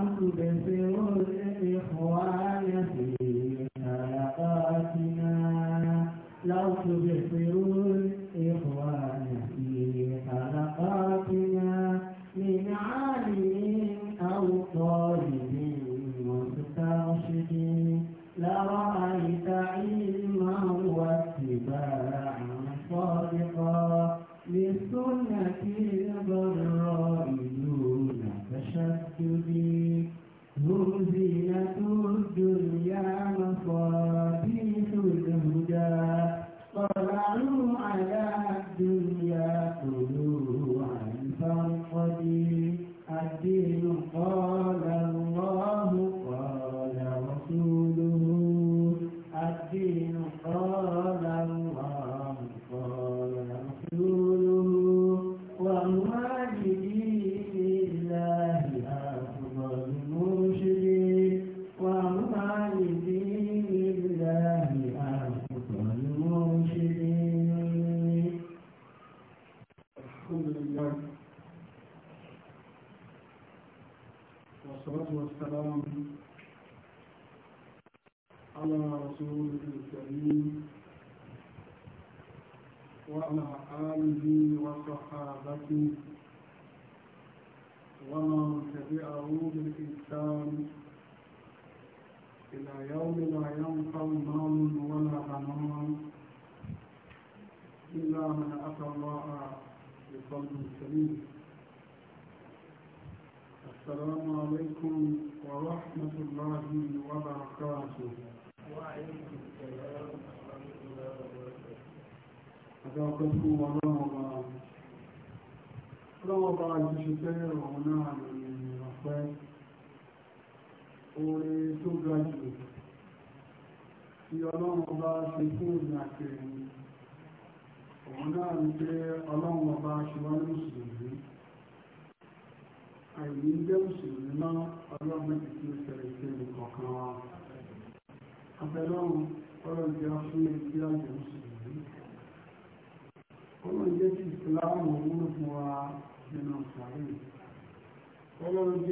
العبد بسر الإخوان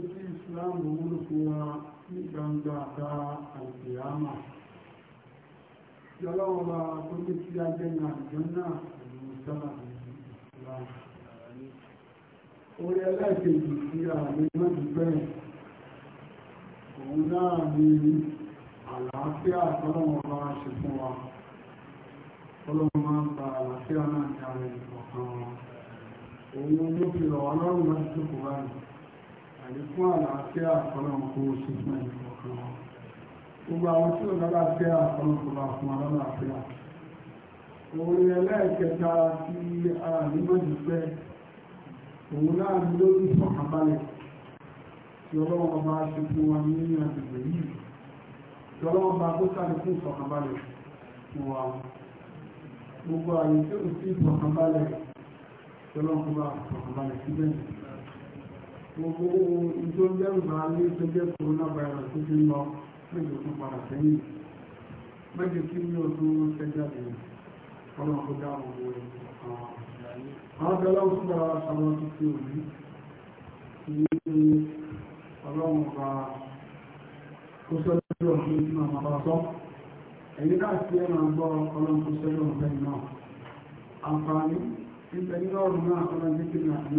jẹ́ kí islam wúlò fún wa ní gbangba àta àìsíyámà yọlọ́wọ́ bá tó ní kí a jẹ́ ní àjọ náà pẹ̀lú sábà islam orí ẹlẹ́ẹ̀kejì sí àmì mọ́dúgbẹ́ òun náà ni àlàáfíà tọ́lọ́wọ́ bá ṣe fún wa tọ́lọ́wọ́ máa ń ba àlàáfíà náà ní ara ìkọ̀ọ̀kan wa òun ló fi rọ̀ wá lọ́rùn láti tó báyìí àlékún àlàáfíà ọlọ́run kó o ṣe fún ẹni kọ̀ọ̀kan wọn gbogbo àwọn tí ó lára fẹ́ ọlọ́run kó bá fún ọlọ́run àfíà orí ẹlẹ́ẹ̀kẹta a nímọ̀jù pẹ́ òun náà ní lórí ìfọ̀kànbalẹ̀ tí ọlọ́run ọba ṣe fún wa ní agbègbè yìí tí ọlọ́run ọba tó sáré fún ìfọ̀kànbalẹ̀ fún wa gbogbo àyè tí ó tí ọlọ́run ọba ìfọ̀kànbalẹ̀ síbẹ̀ gbogbo ìjọ jẹ́rù bá lé tó jẹ́ coronavirus tó ti lọ méjì tún padà sẹ́yìn méjì tí ní ọdún sẹ́jáde ọ̀nà kó dá gbogbo ẹ̀ àwọn abẹ́lá ó túbọ̀ àwọn tó ti òbí ní ọlọ́run bá kó sọ́jọ́ ọ̀hún tí màmá bá sọ́ ẹ̀yìn náà sí ẹ̀mà gbọ́ ọlọ́run kó sọ́jọ́ ọ̀hún náà àǹfààní ìgbẹ̀yìn ọ̀rùn náà ọlọ́run jẹ́ kí ní àmì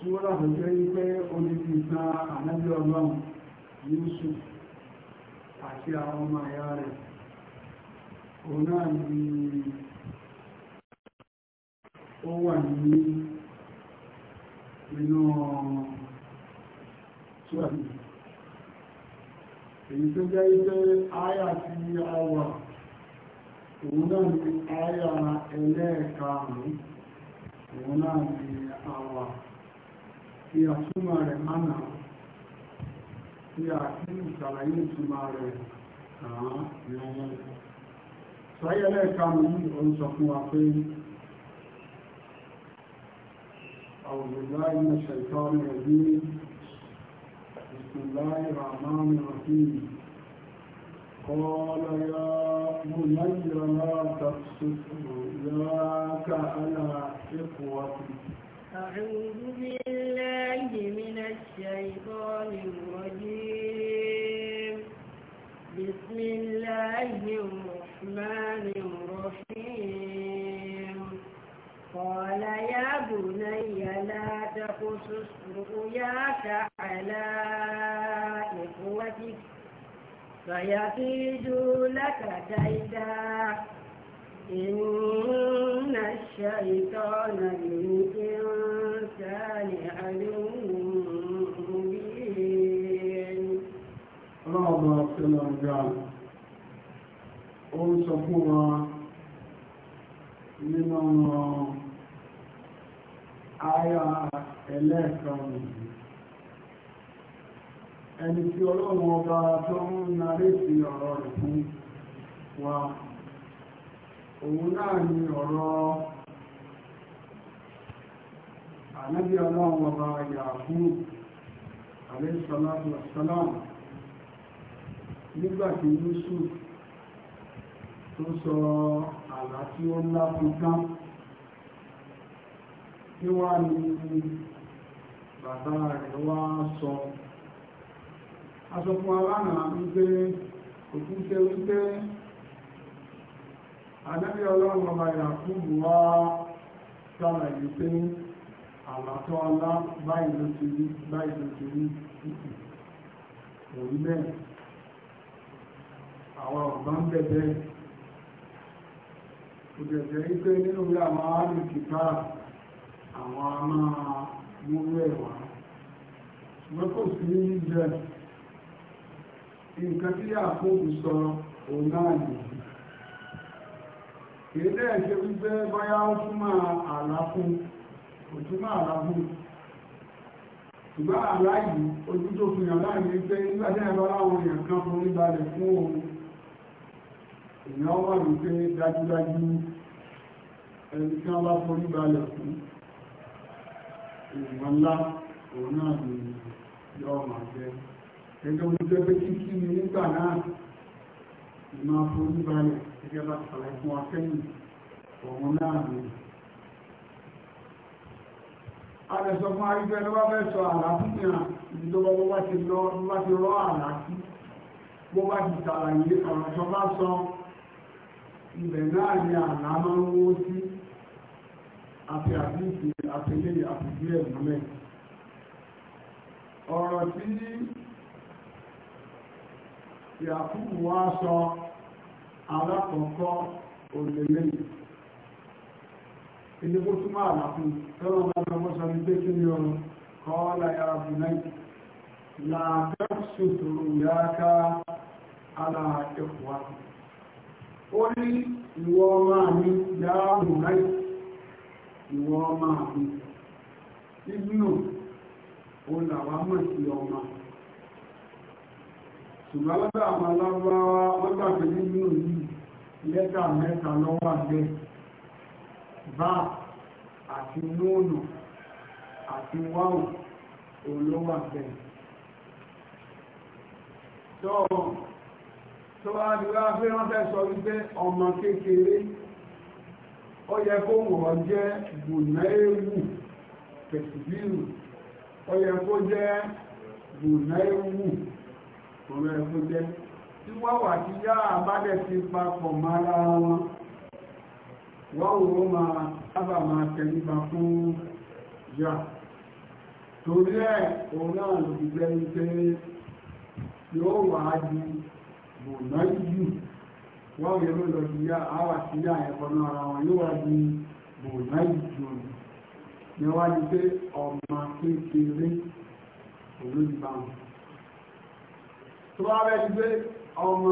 súwọ́lá tó jẹ́ wípé oníbi ìtàn ànábí ọlọ́run Yusuf àti àwọn ọmọ àyá rẹ̀ òun náà ni ó wà ní inú tíwàbí èyí tó jẹ́ wípé áyà tí a wà òun náà ni áyà ẹlẹ́ẹ̀karùn-ún òun náà ni a wà. fi àtúmọ̀ rẹ̀ mánà tí a ti ń ṣàlàyé ìtumọ̀ rẹ̀ kàá ní ọmọ rẹ̀. Sọ́yẹ́lẹ́ kàmù ní òun sọ fún wa pé Àwùjọ́láì ní ṣẹ̀tọ́ rẹ̀ ní ìsìnláì Ràmánì Rahim. قال يا بني لا تقصص رؤياك على إخوتك أعوذ بالله من الشيطان الرجيم بسم الله الرحمن الرحيم قال يا بني لا تقصص رؤياك على إخوتك فيقيدوا لك كيدا إن الشيطان للإنسان عدو مبين رابع سلام أول صفورة nínú ara ẹlẹ́ẹ̀kan ẹni tí ọlọ́run ọba tó ń narí sí ọ̀rọ̀ rẹ̀ fún wa òun náà ni ọ̀rọ̀ ànábí ọlọ́run ọba yàkú àlẹ́sọ̀láàbù ọ̀sọ́láàmù nígbàtí yusuf tó sọ àlá tí ó ńlá fún tán tí wá ní bàbá rẹ̀ wá sọ asọ̀fún aláàrùn wípé òkú tẹ́ wípé Ànábì ọlọ́run ọba Yàkúbù wá sàlàyé pé àlàtọ́ ọlá báyìí ló ti rí báyìí ló ti rí òun bẹ́ẹ̀ àwọn ọ̀gbá ń bẹ̀bẹ̀ òjẹ̀jẹ̀ wípé nínú ilé àwọn alùpùpá àwọn a máa múrú ẹ̀wà ṣùgbọ́n kò sí ní jíjẹ nǹkan tí àkókò sọ òun náà nìyí kìí dẹ́ ṣe wípé báyá ó túnmọ̀ àlàfún òtúnmọ̀ àlàfún ṣùgbọ́n àlá yìí ojú tó fi hàn láàrin pé nígbàtí ẹ̀rọ láwọn èèyàn kan fún níbalẹ̀ fún òun èèyàn wà ní pé dájúdájú ẹni tí wọ́n bá fún níbalẹ̀ fún ìwọ̀n ńlá òun náà ni yọ ọmọ àjẹ́ náà ìmọ̀ forí balẹ̀ gẹ́gẹ́ bá sàlẹ̀ fún akẹ́yìn ọ̀hún láàrin àrẹsọ fún arígbẹ́ ló bá fẹ́ sọ àlàáfíà ìjọba bó bá ti lọ bó bá ti rọ́ àlàáfí bó bá ti sàlàyé ọ̀rọ̀ sọ bá sọ ibẹ̀ náà ni àlá máa ń wó sí àti àdíṣe àtẹlé àpòjú ẹ̀ múlẹ̀ ọ̀rọ̀ tí ìyàkúrù wá sọ alákọ̀ọ́kọ́ òlèlè ìdíkò túnmọ̀ àlàkù tọ́rọ mọ́ta mọ́sọ ní pé kí ni ọrùn kọ́ọ́lá yára bù náà látẹ́sùtùrù yáká aláàkẹ́kọ̀ọ́ ó ní ìwọ máa ní yára bù náà ìwọ máa ní ìgbìnà ó làwá mọ̀ sí ọmọ ṣùgbọ́n lọ́dọ̀ àwọn aláwọ̀ wọ́n gbà pé nínú yìí lẹ́tà mẹ́ta lọ́wọ́ àgbẹ̀ bá àti nóònù àti wáwù olówó àgbẹ̀ tó tó wá ní wá pé wọ́n fẹ́ sọ wípé ọmọ kékeré ó yẹ kó wọ́n jẹ́ bùnáéwù pẹ̀sìbírù ó yẹ kó jẹ́ bùnáéwù òun ẹ̀kú jẹ́ tí wọ́n wà tí yá àbádẹ̀ ti papọ̀ mára wọn wọ́n wọ́n máa sábà máa tẹ̀lébà fún yá torí ẹ̀ òun náà ló ti jẹ́ wípé yóò wà á di bùnà jù wọ́n yẹ ló lọ sí yá àwà sí yá ẹ̀kọ́ náà ara wọn yóò wà di bùnà jù ni wọ́n di pé ọmọ kékeré olódìbà wọn tó bá rẹ̀ gbé ọmọ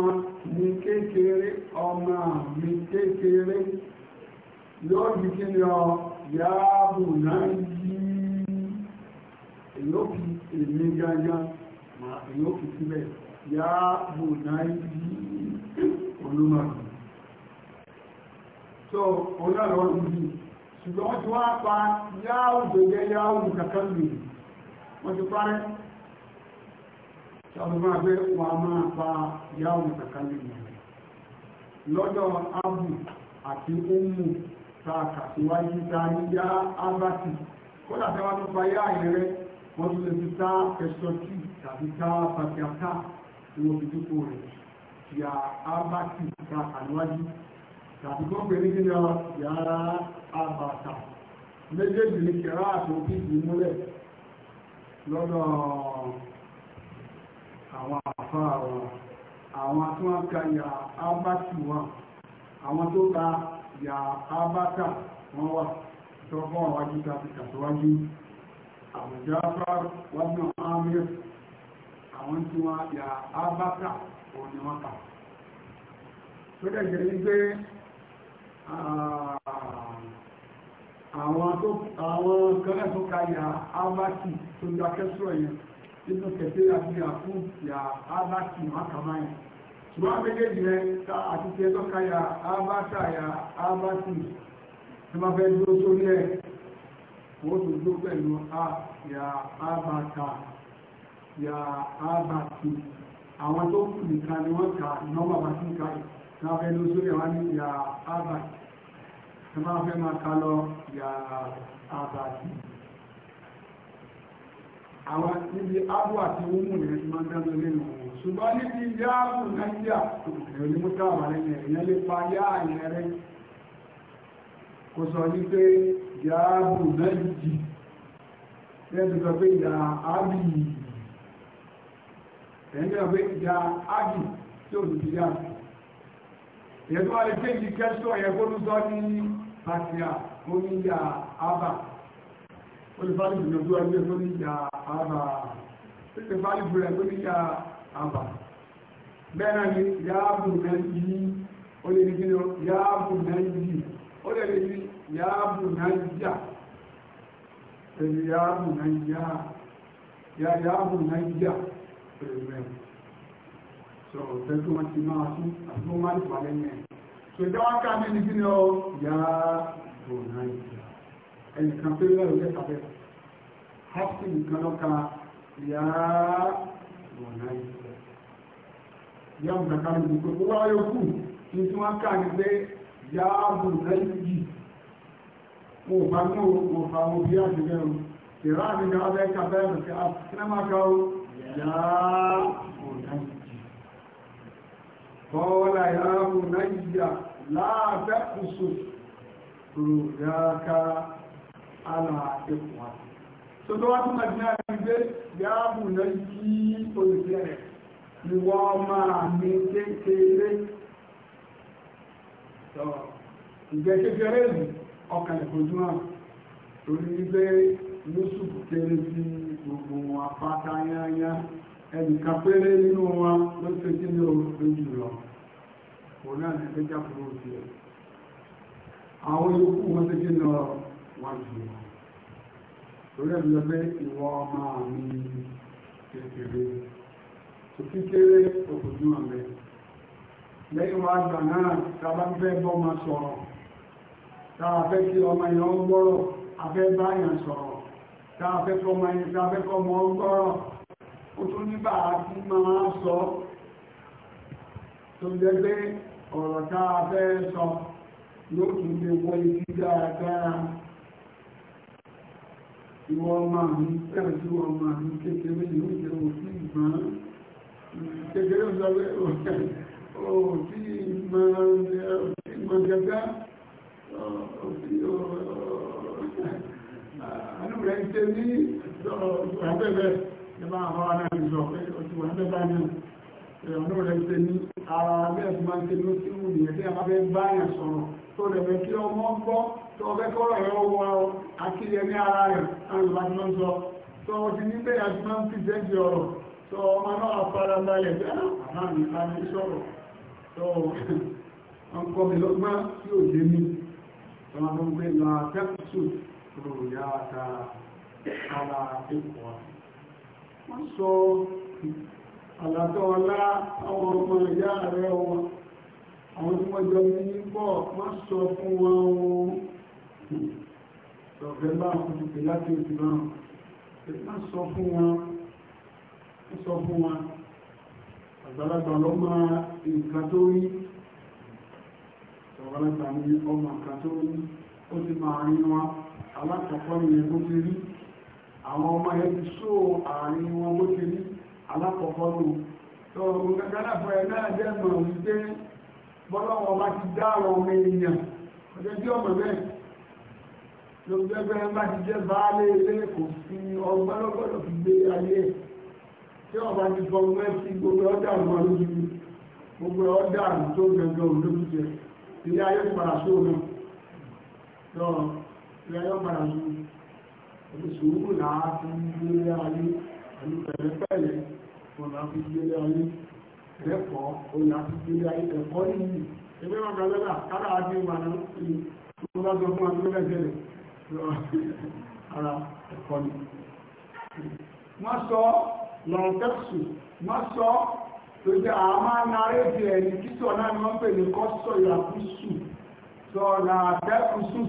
mi kékeré ọmọ mi kékeré yóò di kí ni ọ yáàbù náà yí èyó fi èmi gángan mà èyó fi síbẹ̀ yáàbù náà yí olúmọ̀tò so ọ̀nà lọ́wọ́ ìdí ṣùgbọ́n tí wọ́n pa yáàbù gẹ́gẹ́ yáàbù kankan lè sọ́dọ̀mọ́ abẹ́ wọn a máa fa yáwò mùtàkálìmù lọ́dọ̀ abu àti umu ta kàtíwájú ta ní yá abati kódà tẹ́wàá tó fa yá ìrẹ́ wọ́n tún lè fi ta ẹ̀sọ́tì tàbí ta pàtàkà tí wọ́n fi dúpọ̀ rẹ̀ yá abati ta kàníwájú tàbí kó pè ní kíni ọ yàrá abata méjèèjì ní kẹrà àti òbí ìmúlẹ̀ lọ́dọ̀ àwọn àfá àwọn àwọn tí wọ́n ka yà ábátì wọn àwọn tó ka yà ábátà wọn wà tó fún àwọn ajú tàbí kàtíwájú àbújá afárá wájú àmì àwọn tí wọ́n yà ábátà òun ni tó dẹ̀ jẹ́ wípé àwọn kan lẹ́tọ́ ka yà ábátì tó dákẹ́ sọ̀rọ̀ yẹn nínú kẹfẹ́ àti àfún ya ábákì mákàmáyà ṣùgbọ́n abẹ́gẹ́jì rẹ̀ ta àti tẹ́ tọ́ka ya ábákà ya ábákì tí ma fẹ́ dúró sórí ẹ̀ ó tó dúró pẹ̀lú a ya ábákà ya ábákì àwọn tó kù nìkan ni wọ́n ka ìnáwó àbákì ń ka yìí tí ma fẹ́ dúró sórí ẹ̀ wá ní ya ábákì tí ma fẹ́ máa ka lọ ya ábákì àwọn níbi abu àti omu ìrìn tí máa ń dáná nínú ṣùgbọ́n níbi yáàbù nàíjíríà ẹ̀rọ ní mọ́tà wà lẹ́yìn ẹ̀yìn lè pa yáà yẹn rẹ̀ kò sọ ní pé yáàbù nàíjì lẹ́nu sọ pé yà ábì ẹ̀yìn sọ pé yà ábì tí ò ní ti yá ìyẹn tó wà lè pé ìdíkẹ́ sọ ló sọ ní pàṣẹ à ó ábà olùfàlì gbìyànjú ẹgbẹ́ tó níjà àbà olùfàlì gbìyànjú tó níjà àbà bẹ́ẹ̀rẹ̀ ni yáàbù náìjí ó lè nígbìn yáàbù náìjí ó lè ní yáàbù náìjíà pẹ̀lú yáàbù náìjíà yá yáàbù náìjíà pẹ̀lú rẹ̀ so tẹ́tù wọn ti máa tún àti wọn máa ń pàdé yẹn so ìjọba ká ní nígbìn yáàbù náìjíà ẹnìkan pé lọ́rọ̀ jẹ́ tàbẹ́ hapsi nìkan lọ́ka ìyá wọ̀nà ìṣẹ́ yá ń kàkà ní gbogbo wá yóò kù ní tí wọ́n kà ní pé yá wọ̀nà yìí mo bá mú mo fa mo bí àtijọ́ o ìrá mi ní abẹ́ kàbẹ́ ẹ̀sẹ̀ àtìkínámàkà o yá wọ̀nà yìí bọ́ọ̀lá yá wọ̀nà yìí láàbẹ̀ kùsù rò àmà àtẹ́kùn wa tó tó wá tún màdínà ní pé yáàbù náà yí olùdíẹ̀ rẹ̀ ni wọ́n máa mi kékeré ìgbẹ́ kékeré yìí ọkàn ìfojúmọ́ torí wípé Yusuf kéré sí gbogbo wọn apáta yányá ẹnìkan péré nínú wọn ló ṣe kí ní ojú lọ òun náà ní pé jáfúró tiẹ̀ àwọn yòókù wọn ṣe kí ní ọ̀rọ̀ one year torí ẹ̀ lọ pé ìwọ ọmọ mi kékeré tó kékeré òkòjú àmì lẹ́yìn wá gbà náà tàbá fẹ́ bọ́ máa sọ̀rọ̀ tàbá fẹ́ kí ọmọ èèyàn gbọ́rọ̀ afẹ́ báyàn sọ̀rọ̀ tàbá fẹ́ kọ́ ọmọ èèyàn tàbá fẹ́ kọ́ ọmọ gbọ́rọ̀ ó tún nígbà tí máa sọ tó jẹ́ pé ọ̀rọ̀ tàbá fẹ́ sọ yóò tún lè wọ ibi dáadáa ìwọ ọmọ mi pẹ̀lú ọmọ mi kékeré ní oúnjẹ òfin ìgbọ́n kékeré ìjọba òfin ìmọ̀jẹ̀gá àdúgbò ẹni tẹ́ ní ọ̀rọ̀ abẹ́bẹ̀ ẹ̀bá àwọn ará ìjọ pé ó ti wà bẹ́bá náà èèyàn a máa fẹ́ báyàn sọ̀rọ̀ tó rẹ̀ fẹ́ kí ọmọ gbọ́ tó ọfẹ́ kọ́rọ̀ rẹ̀ wọ akíyẹ ní ara rẹ̀ àwọn ìlú láti máa ń sọ tó ọ ti ní bẹ́ẹ̀ àti máa ń fi sẹ́ǹtì ọ̀rọ̀ tó ọmọ náà fara balẹ̀ bẹ́ẹ̀ àwọn ìlànà sọ̀rọ̀ tó ọkọ̀ mi lọ́gbọ́n tí ò lé mi ọmọ tó ń wọ́n sọ àlàtọ̀ ọlá àwọn ọmọ ìyá rẹ̀ wọn àwọn tí wọ́n jọ ní pọ̀ má sọ fún wọn ohun ọ̀fẹ́ bá fún ìpè láti òjò náà má sọ fún wọn má sọ fún wọn àgbàlagbà lọ máa nǹkan tó rí ọ̀gbàlagbà ní ọmọ nǹkan tó rí ó ti máa rí wọn alákọ̀ọ́kọ́ ni ẹ̀ ti rí àwọn ọmọ ẹ̀ ti só àárín wọn bó ti rí alákọ̀ọ́kọ́ ló tó gbogbo ẹ̀ náà jẹ́ mọ̀ wípé bọ́lọ́wọ́ bá ti dá àwọn ọmọ èèyàn ọjọ́ tí ọmọ bẹ́ẹ̀ ló gbẹ́gbẹ́ bá ti jẹ́ baálé ilé kò sí ọgbọ́n lọ́gbọ́dọ̀ fi gbé ayé tí ọba ti fọgbọ́n ẹ fi gbogbo ọjà mọ́ lójú gbogbo ọjà tó gbẹgbẹ olójú jẹ ilé ayé padà sóòrùn náà ilé ayé padà sóòrùn òfin sùúrù pẹ̀lú pẹ̀lẹ́pẹ̀lẹ́ olùhàfíjúlé ayé má sọ lọ́rọ̀tẹ́sù má sọ tó jẹ́ àmà náà ti ẹ̀yìn títọ náà ni wọ́n pè ní kọ́sọ̀ ìyàkúsù sọ làtẹ́kùsù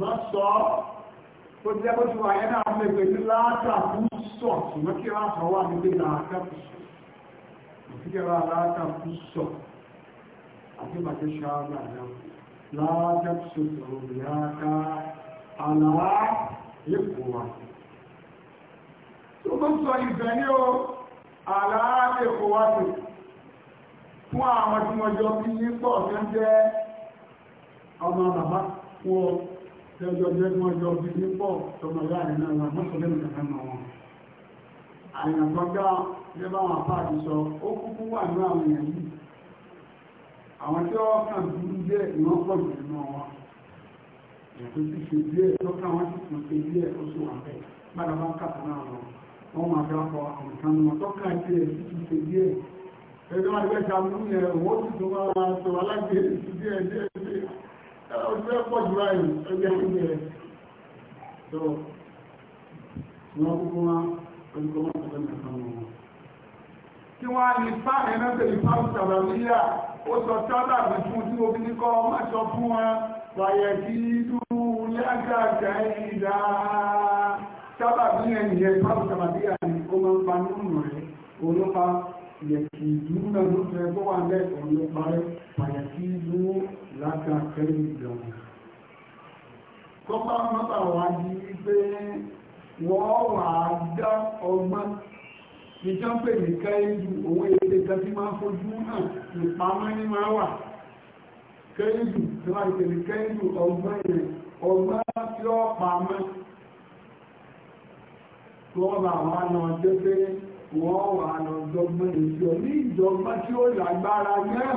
má sọ tó jẹ́ bó ṣe wà yẹn náà lè pè ní látàkù sọ̀ ṣùgbọ́n kí wọ́n sọ wà nílé látàkù sọ̀ òfíkẹ́wà látàkù sọ̀ àti bàtí ṣáàgbà náà látàkù sọ̀tọ̀ òmìnira àlàá èkó wa tó bó sọ ìfẹ́ ní o àlàá èkó wa tó fún àwọn tí wọ́n jọ bí yípo ọ̀sẹ̀ ń jẹ́ ọmọ bàbá fún lọ́jọ́ jẹ́ wọ́n jọ bí nípọ̀ tọmọ láàrin náà wọn mọ́sọ̀lẹ́ nìkan mọ̀ wọn àyàn gbọ́gbá lẹ́bàá wọn apá àti sọ ó kúkú wà ní àwọn èèyàn yìí àwọn tí wọ́n kàn burú jẹ́ ìwọ́n pọ̀ jù nínú wọn ètò ti ṣe díẹ̀ lọ́kà wọn sì tún ṣe díẹ̀ ó sì wà bẹ́ẹ̀ gbára bá kàtà náà lọ wọ́n máa bá kọ nǹkan mọ̀ wọn gbẹ́ta mú ọjọ́ pọ̀ jù láì ẹgbẹ́ ìgbẹ́ rẹ̀ tó wọ́n kúkú wá ọjọ́ wọn tó lẹ́nà kan wọn kí wọ́n á ní fá ẹ̀nẹ́sẹ̀ ìfá sàrànlíyà ó sọ sábà bí fún tí omi ní kọ́ má sọ fún wọn wàyẹ̀ kí dúró lágàgà ìdá sábà bí ẹ̀yìn yẹn fá sàrànlíyà ni ó máa ń pa nínú rẹ̀ olópa yẹ̀kì dúró náà ló fẹ́ bọ́ wà lẹ́kọ̀ọ́ láti akẹ́lẹ̀ ìjọba kọ́pá mọ́ta wà ní pé wọ́n wà á dá ọgbọ́n níjọ́ pé nìkan ìlú owó èdè kan tí máa fojú hàn ìpamọ́ ní máa wà kẹ́lù tí wọ́n ti ní kẹ́lù ọgbọ́n yẹn ọgbọ́n tí ó pamọ́ tí wọ́n bá wà lọ jẹ́ pé wọ́n wà lọ jọgbọ́n ìjọ ní ìjọba tí ó lágbára náà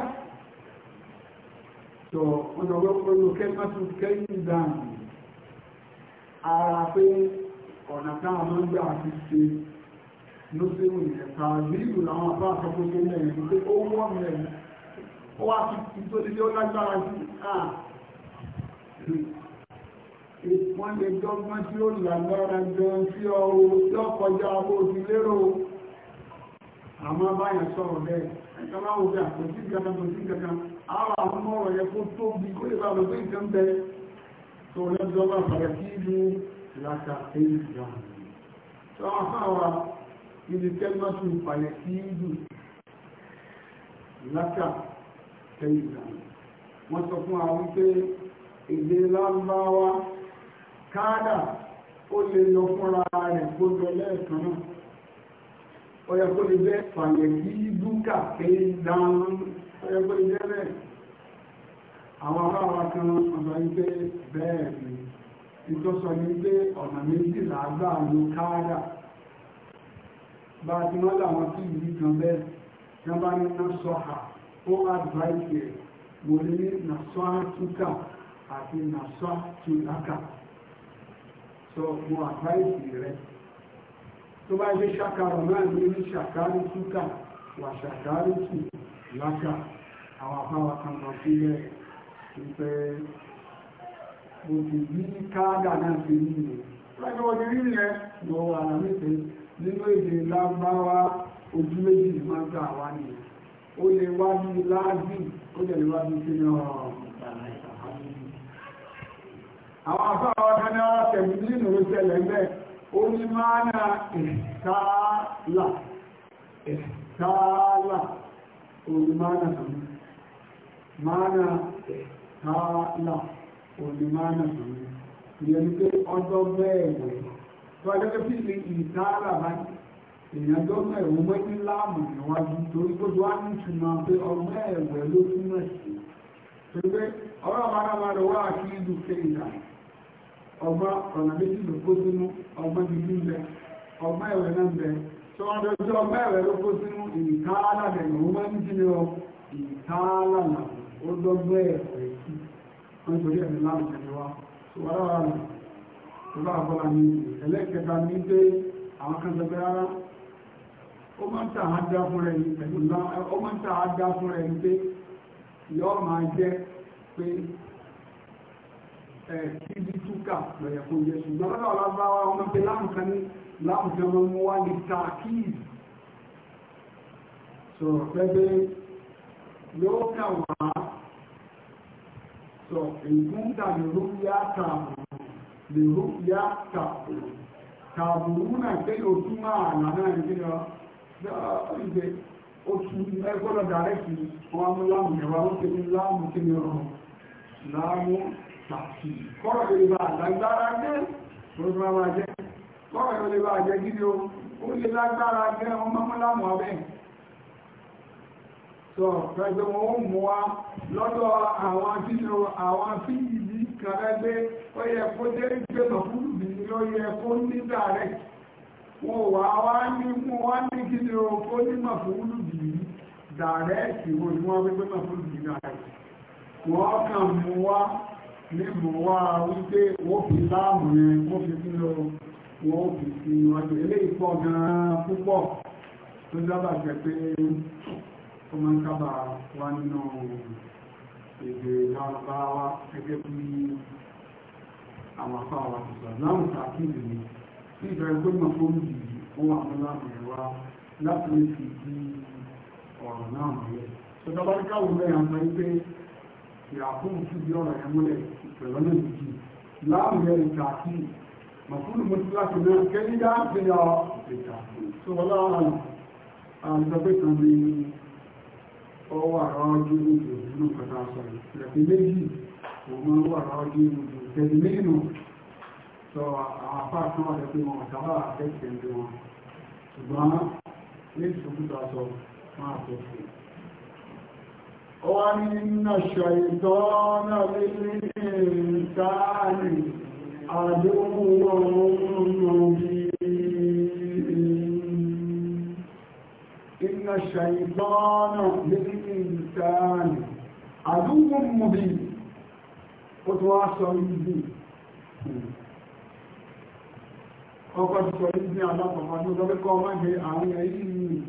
tó ọ̀nà olóòpólò kẹ́mọ́tún kẹ́yìn dáàmì ara pé ọ̀nà táà mọ́ gbà àti ṣe ló sí ìrìnlẹ̀ tààbí ìlú làwọn àbá àkọ́kọ́ tó mẹ́rin pé ó wọ́ mẹ́rin ó wá fi tó dídé ó lágbára sí àà wọ́n lè dọ́gbọ́n tí ó lágbára gan tí ọrọ̀ tí ó kọjá abó ti lérò àmọ́ báyàn sọ̀rọ̀ bẹ́ẹ̀ ẹ̀kan láwọn òbí àpòsí kankan tó sí kankan ara àwọn ọ̀rọ̀ yẹ kó tóbi kó lè bá lọ pé nǹkan bẹ tó lẹ́jọ́ bá sọ̀rọ̀ kí ìlú làkà èyí ìjà tó àwọn afáwa ìlú kẹ́lmọ́sù ìpàlẹ̀ kí ìlú làkà èyí ìjà wọ́n sọ fún àwọn pé èdè lámbáwá káàdà ó lè lọ fúnra rẹ̀ kó lọ lẹ́ẹ̀kan náà ọyẹ kó lè bẹ́ fàyẹ̀ yí búkà pé dáhùn ọyẹ kó lè bẹ́ bẹ́ẹ̀ àwọn ará wa kan ọ̀sọ̀ yí pé bẹ́ẹ̀ ni ìtọ́sọ ní pé ọ̀nà méjìlá gbà ló káàdà bá ti wọ́n làwọn tí ìlú kan bẹ́ẹ̀ tí wọ́n bá ní ná sọ́hà ó àdìváìsì ẹ̀ mo ní nà sọ́hà túkà rẹ̀ tó bá jẹ́ ṣàkàrà náà ní ní ṣàkàrí túkà wà ṣàkàrí tù lákà àwọn àbáwà kan lọ sílẹ̀ wípé mo ti bí káàdà náà ti rí rẹ̀ lọ́jọ́ ọdún rí rẹ̀ lọ wà nínú èdè lágbáwá ojú méjì ní máa gbà wá ó lè wá bí ó lè wá bí sí àwọn kan onímọ̀nà ìkààlà ìkààlà onímọ̀nà sọ̀rọ̀ mọ̀nà ìkààlà onímọ̀nà sọ̀rọ̀ ìyẹn pé ọjọ́ bẹ́ẹ̀ wẹ̀ tó ajọ́jọ́ sí ilé ìkààlà bá èèyàn tó mẹ́rùn mọ́ ní láàmù níwájú torí kó tó wá ní ìtumọ̀ pé ọmọ ẹ̀wẹ̀ ló túmọ̀ sí pé ọ̀rọ̀ ọgbá ọ̀nà méjì ló kó sínú ọgbá gidi ń bẹ ọgbá ẹ̀wẹ̀ náà ń bẹ tó wọ́n tó jẹ́ ọgbá ẹ̀wẹ̀ ló kó sínú ìkáàlà bẹ̀rẹ̀ ó máa ń jí ní ọ ìkáàlà náà ó dọ́gbọ́ ẹ̀kọ́ èkú wọ́n torí ẹ̀mí láàrín tẹ̀lé wa tó wọ́n rárá nù tó bá bọ́lá ní ẹlẹ́kẹta ní pé àwọn kan sọ pé rárá ó máa ń tà á fún rẹ̀ ní pẹ̀lú ó máa ń tà á fún rẹ̀ pé yọ́ kíbi eh, túkà lọ́yẹ̀ kó yẹ ṣùgbọ́n lọ́dọ̀ ọlábáwá ọmọ pé láàmùkan ní láàmùkan ọmọ mú wá ní takis sọ pẹ́pẹ́ yóò kà wá sọ ìgbúntà lèrú yá tààbùrù lèrú yá tààbùrù tààbùrù náà pé yóò túmọ̀ àná náà nígbà ìgbẹ́ oṣù ẹgbọ́dọ̀ dàrẹ́kì wọn mú láàmù ẹ̀wà ó ti ní láàmù kí ni ọ̀rọ̀ láàmù pàtì kọ́rọ̀ lè bá lágbára gẹ́ lórí máa jẹ́ kọ́rọ̀ lè bá jẹ́ gídí o ó lè lágbára gẹ́ ọmọ mọ́lámù abẹ́ sọ pẹ̀lú wọn ó mú wa lọ́dọ̀ àwọn títò àwọn fíìdì kàrẹ́gbé ó yẹ kó dé gbé lọ́kùnrin bìí ló yẹ kó ní dàrẹ́ wọn wà wá ní mú wá ní gídí o kó ní màfúrú bìí dàrẹ́ ìwò ìwọ̀n gbégbé màfúrú bìí dàrẹ́ wọ́n kàn mú wá lébù wá wípé wọ́n fi láàmù yẹn wọ́n fi kí lọ wọ́n fi sí ọjọ́ ilé ìpọ̀ gan-an púpọ̀ tó dábàá jẹ́ pé ó máa ń kábà wá nínú èdè lárúbáwá gẹ́gẹ́ bí àwọn afá wa ti sọ láwọn sàkíyèsí ìbẹ̀rẹ̀ pé mọ̀ ìyàfún fìdí ọ̀rọ̀ ẹ̀ múlẹ̀ pẹ̀lú ọ̀nà ìjì láàmì ẹ̀ ìtàkì màfúnù mọ́tí láti náà kẹ́lí dá ń pèyà ìtà tó wọ́n lára àìsọ̀pẹ́ kan ní ọwọ́ àrọ́ ọjọ́ ìjọ nínú kọta sọ̀rọ̀ ìrẹ̀pẹ̀ méjì òun ọwọ́ àrọ́ ọjọ́ ìjọ tẹ̀lé mẹ́nu sọ àwọn apá kan wà lẹ́pẹ́ wọn àtàwà àfẹ́ tẹ̀lé wọn ṣùgbọ́n ní ìṣòkúta sọ wọn àtọ̀fẹ́ وَإِنَّ الشَّيْطَانَ لِلْإِنْسَانِ عَدُوٌّ مُّبِينٌ إِنَّ الشَّيْطَانَ لِلْإِنْسَانِ عَدُوٌّ مُّبِينٌ وَتُوَاصَلُ بِهِ ọkọ̀ ìsọ̀rí ní alábọ̀mọ́ ní ọjọ́ pẹ́kọ́ ọmọ ìgbé àárín ẹ̀yìn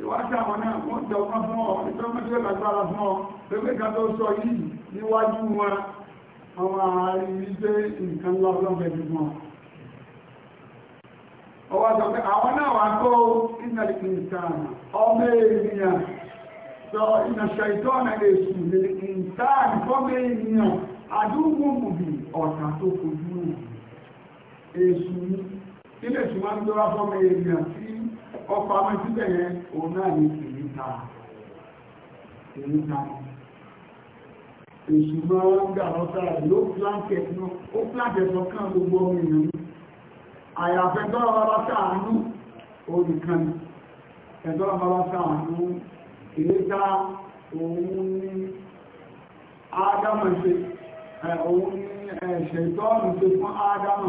ìwáṣà wọn náà wọ́n jọ ọkàn fún ọ ìtọ́mọ́tí ó lágbára fún ọ pẹ̀lú ìka tó sọ yìí níwájú wọn àwọn ààrin wípé nǹkan lọ́gbọ́n fún ọ ọwọ́ sọ pé àwọn náà wà kó ìnàlìkì nǹkan ọmọ ènìyàn sọ ìnàṣà ìtọ́nà èṣù nǹkan fọ́mọ ènìyàn àdúgbò mùbì ọ̀tà tó fojú èṣù ilé ìṣúná ọfà mọ́ síbẹ̀ yẹn òun náà ní ìrìta ìrìta èṣùgbọ́n wọ́n gbà lọ́ta rẹ̀ ló plánkẹ̀ náà ó plánkẹ̀ sọ kán gbogbo ọmọ èèyàn àyàfẹ́ tọ́rọ bá sáàánú olùkan ẹ̀tọ́rọ bá sáàánú ìrìta òun ní ádámà ṣe òun ní ẹ̀ṣẹ̀ tọ́rọ ṣe fún ádámà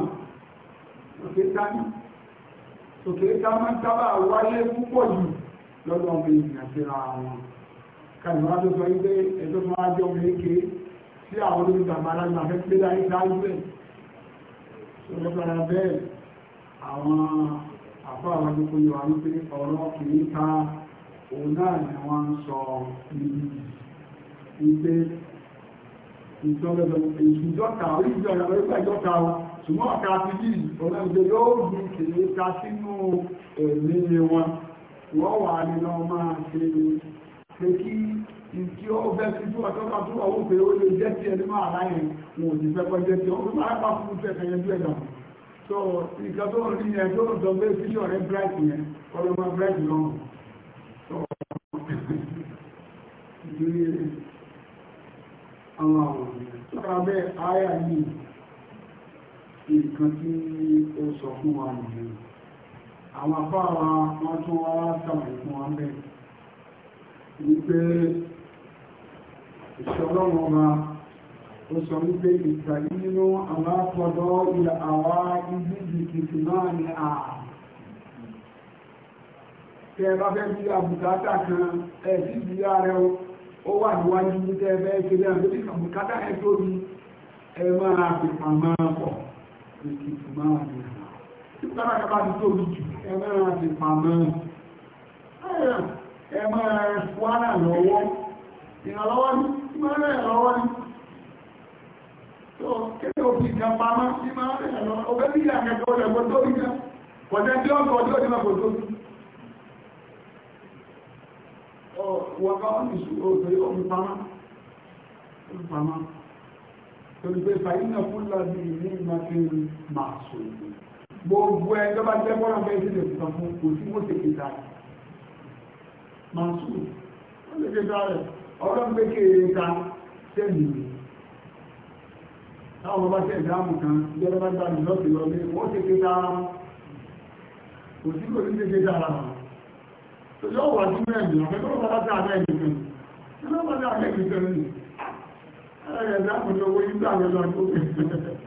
òkè tánì tòkè ká máa ń sábà wáyé púpọ̀ jù lọ́dọ̀ ọmọ ènìyàn síra wọn kàìmọ́ tó sọ wípé ẹjọ́ tó wájú ọmọ èké sí àwọn olóògbé àmà alágbà fẹ́ pé láyé sáájú ẹ̀ sọ̀rọ̀ lára bẹ́ẹ̀ àwọn àfọ́ àwọn àjọpọ̀ yìí wà wípé ọ̀rọ̀ kìí ta òun náà ni wọ́n ń sọ níbi wípé ìjọba ìjọba ìjọta orí ìjọba ìjọta ṣùgbọ́n ọ̀ká ti bí ọlọ́gbẹ́ yóò bí kìí ta sínú ẹ̀mí wọn wọ́n wà nínú máa ṣe pé kí ìtí ó bẹ́ sí tí ọjọ́ bá túwọ̀ ó pé ó lè jẹ́ tí ẹni máa láyé wọn ò ní fẹ́ kọ́ jẹ́ tí ó máa rápá fún fẹ́ kẹyẹ bí ẹ̀dà so nǹkan tó rí yẹn tó ń dọ̀gbé sí ọ̀rẹ́ bright yẹn ọlọ́mọ bright lọ́wọ́ so ìdílé àwọn àwọn ọ̀rẹ́ bẹ́ẹ̀ áyà yìí nǹkan tí ó sọ fún wa nìyẹn àwọn afáwa wọn tún wá sàmì fún wa mẹ́ wípé ìṣọ́lọ́wọ́ ọba ó sọ wípé ìtàgé nínú aláàpọ̀dọ́ ilẹ̀ àwa ibi ìdìkìtì náà ni à tẹ bá fẹ́ bí àbùkátà kan ẹ̀ sí ìdí ààrẹ ó wà níwájú tẹ fẹ́ ṣe bí àbùkátà ẹ̀ tóbi ẹ máa fi pamọ́ pọ̀ ìrànlọ́wọ́ ní ìmọ̀lẹ́ ìrànlọ́wọ́ ní tó kẹ́kẹ́ òfin ìjọ pamọ́ sí máa rẹ̀ ìrànlọ́wọ́ ọgbẹ́ bí ìyàkẹ́kọ́ ọ̀lẹ̀kọ́ tó rí jẹ́ kọ̀jẹ́ tí ó kọ̀ tí ó ti mọ̀ tó rí ọ̀wọ̀ká ọ́nìsù ó torí pé fàyínà fúnlá bí ní ìmọ̀tẹ́rù máa sọ ìlú gbogbo ẹ tó bá jẹ́ bọ́lá bẹ́ẹ̀ sí lè sọ fún kò sí mọ́ tètè ta rẹ̀ máa sọ wọ́n lè ta rẹ̀ ọ̀rọ̀ ń gbé kéèrè ta sẹ́mi táwọn bàbá tẹ̀ dáàmù kan jẹ́rẹ́ bá gbà lọ́sẹ̀ lọ bí wọ́n tètè ta ara kò sí kò sí mẹ́rin ọ̀fẹ́ tó bá bá tẹ̀ àbẹ́ kan tó bá bá tẹ̀ àbẹ́ ẹ̀mí ẹ̀rẹ̀ dákùnlé owó yígbà lọ́lọ́ tó bẹ̀rẹ̀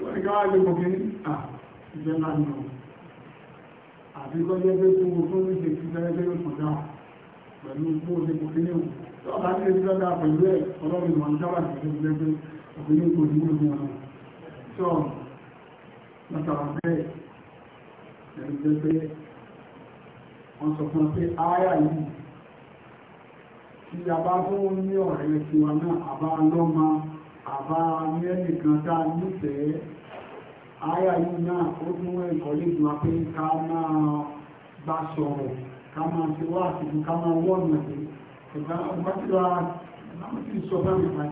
wọ́n gáwà lè mọ̀ kí ní à ìjẹ́ lánàá àti kọjẹ́ pé kó o tó ní ṣe ti lẹ́gbẹ́ ìfọ̀dá pẹ̀lú kó o ṣe kò kí ní òun tó bá ní ẹgbẹ́ lọ́dá pẹ̀lú ẹ̀ ọlọ́run mọ̀ nígbà tí ó lẹ́gbẹ́ òfin kò ní ìlú wọn tó látara bẹ́ẹ̀ ẹ̀rù jẹ́ tí a bá fún ní ọ̀rẹ́ tiwa náà àbá lọ́mà àbá mẹ́rìnkan tá a nífẹ̀ẹ́ ara yìí náà ó tún ẹ̀kọ́lé jù wá pé ká máa bá sọ̀rọ̀ ká máa ti wá àtìkú ká máa wọ́nà pé ẹ̀bá ọgbàtíwá ti sọ bá mi pa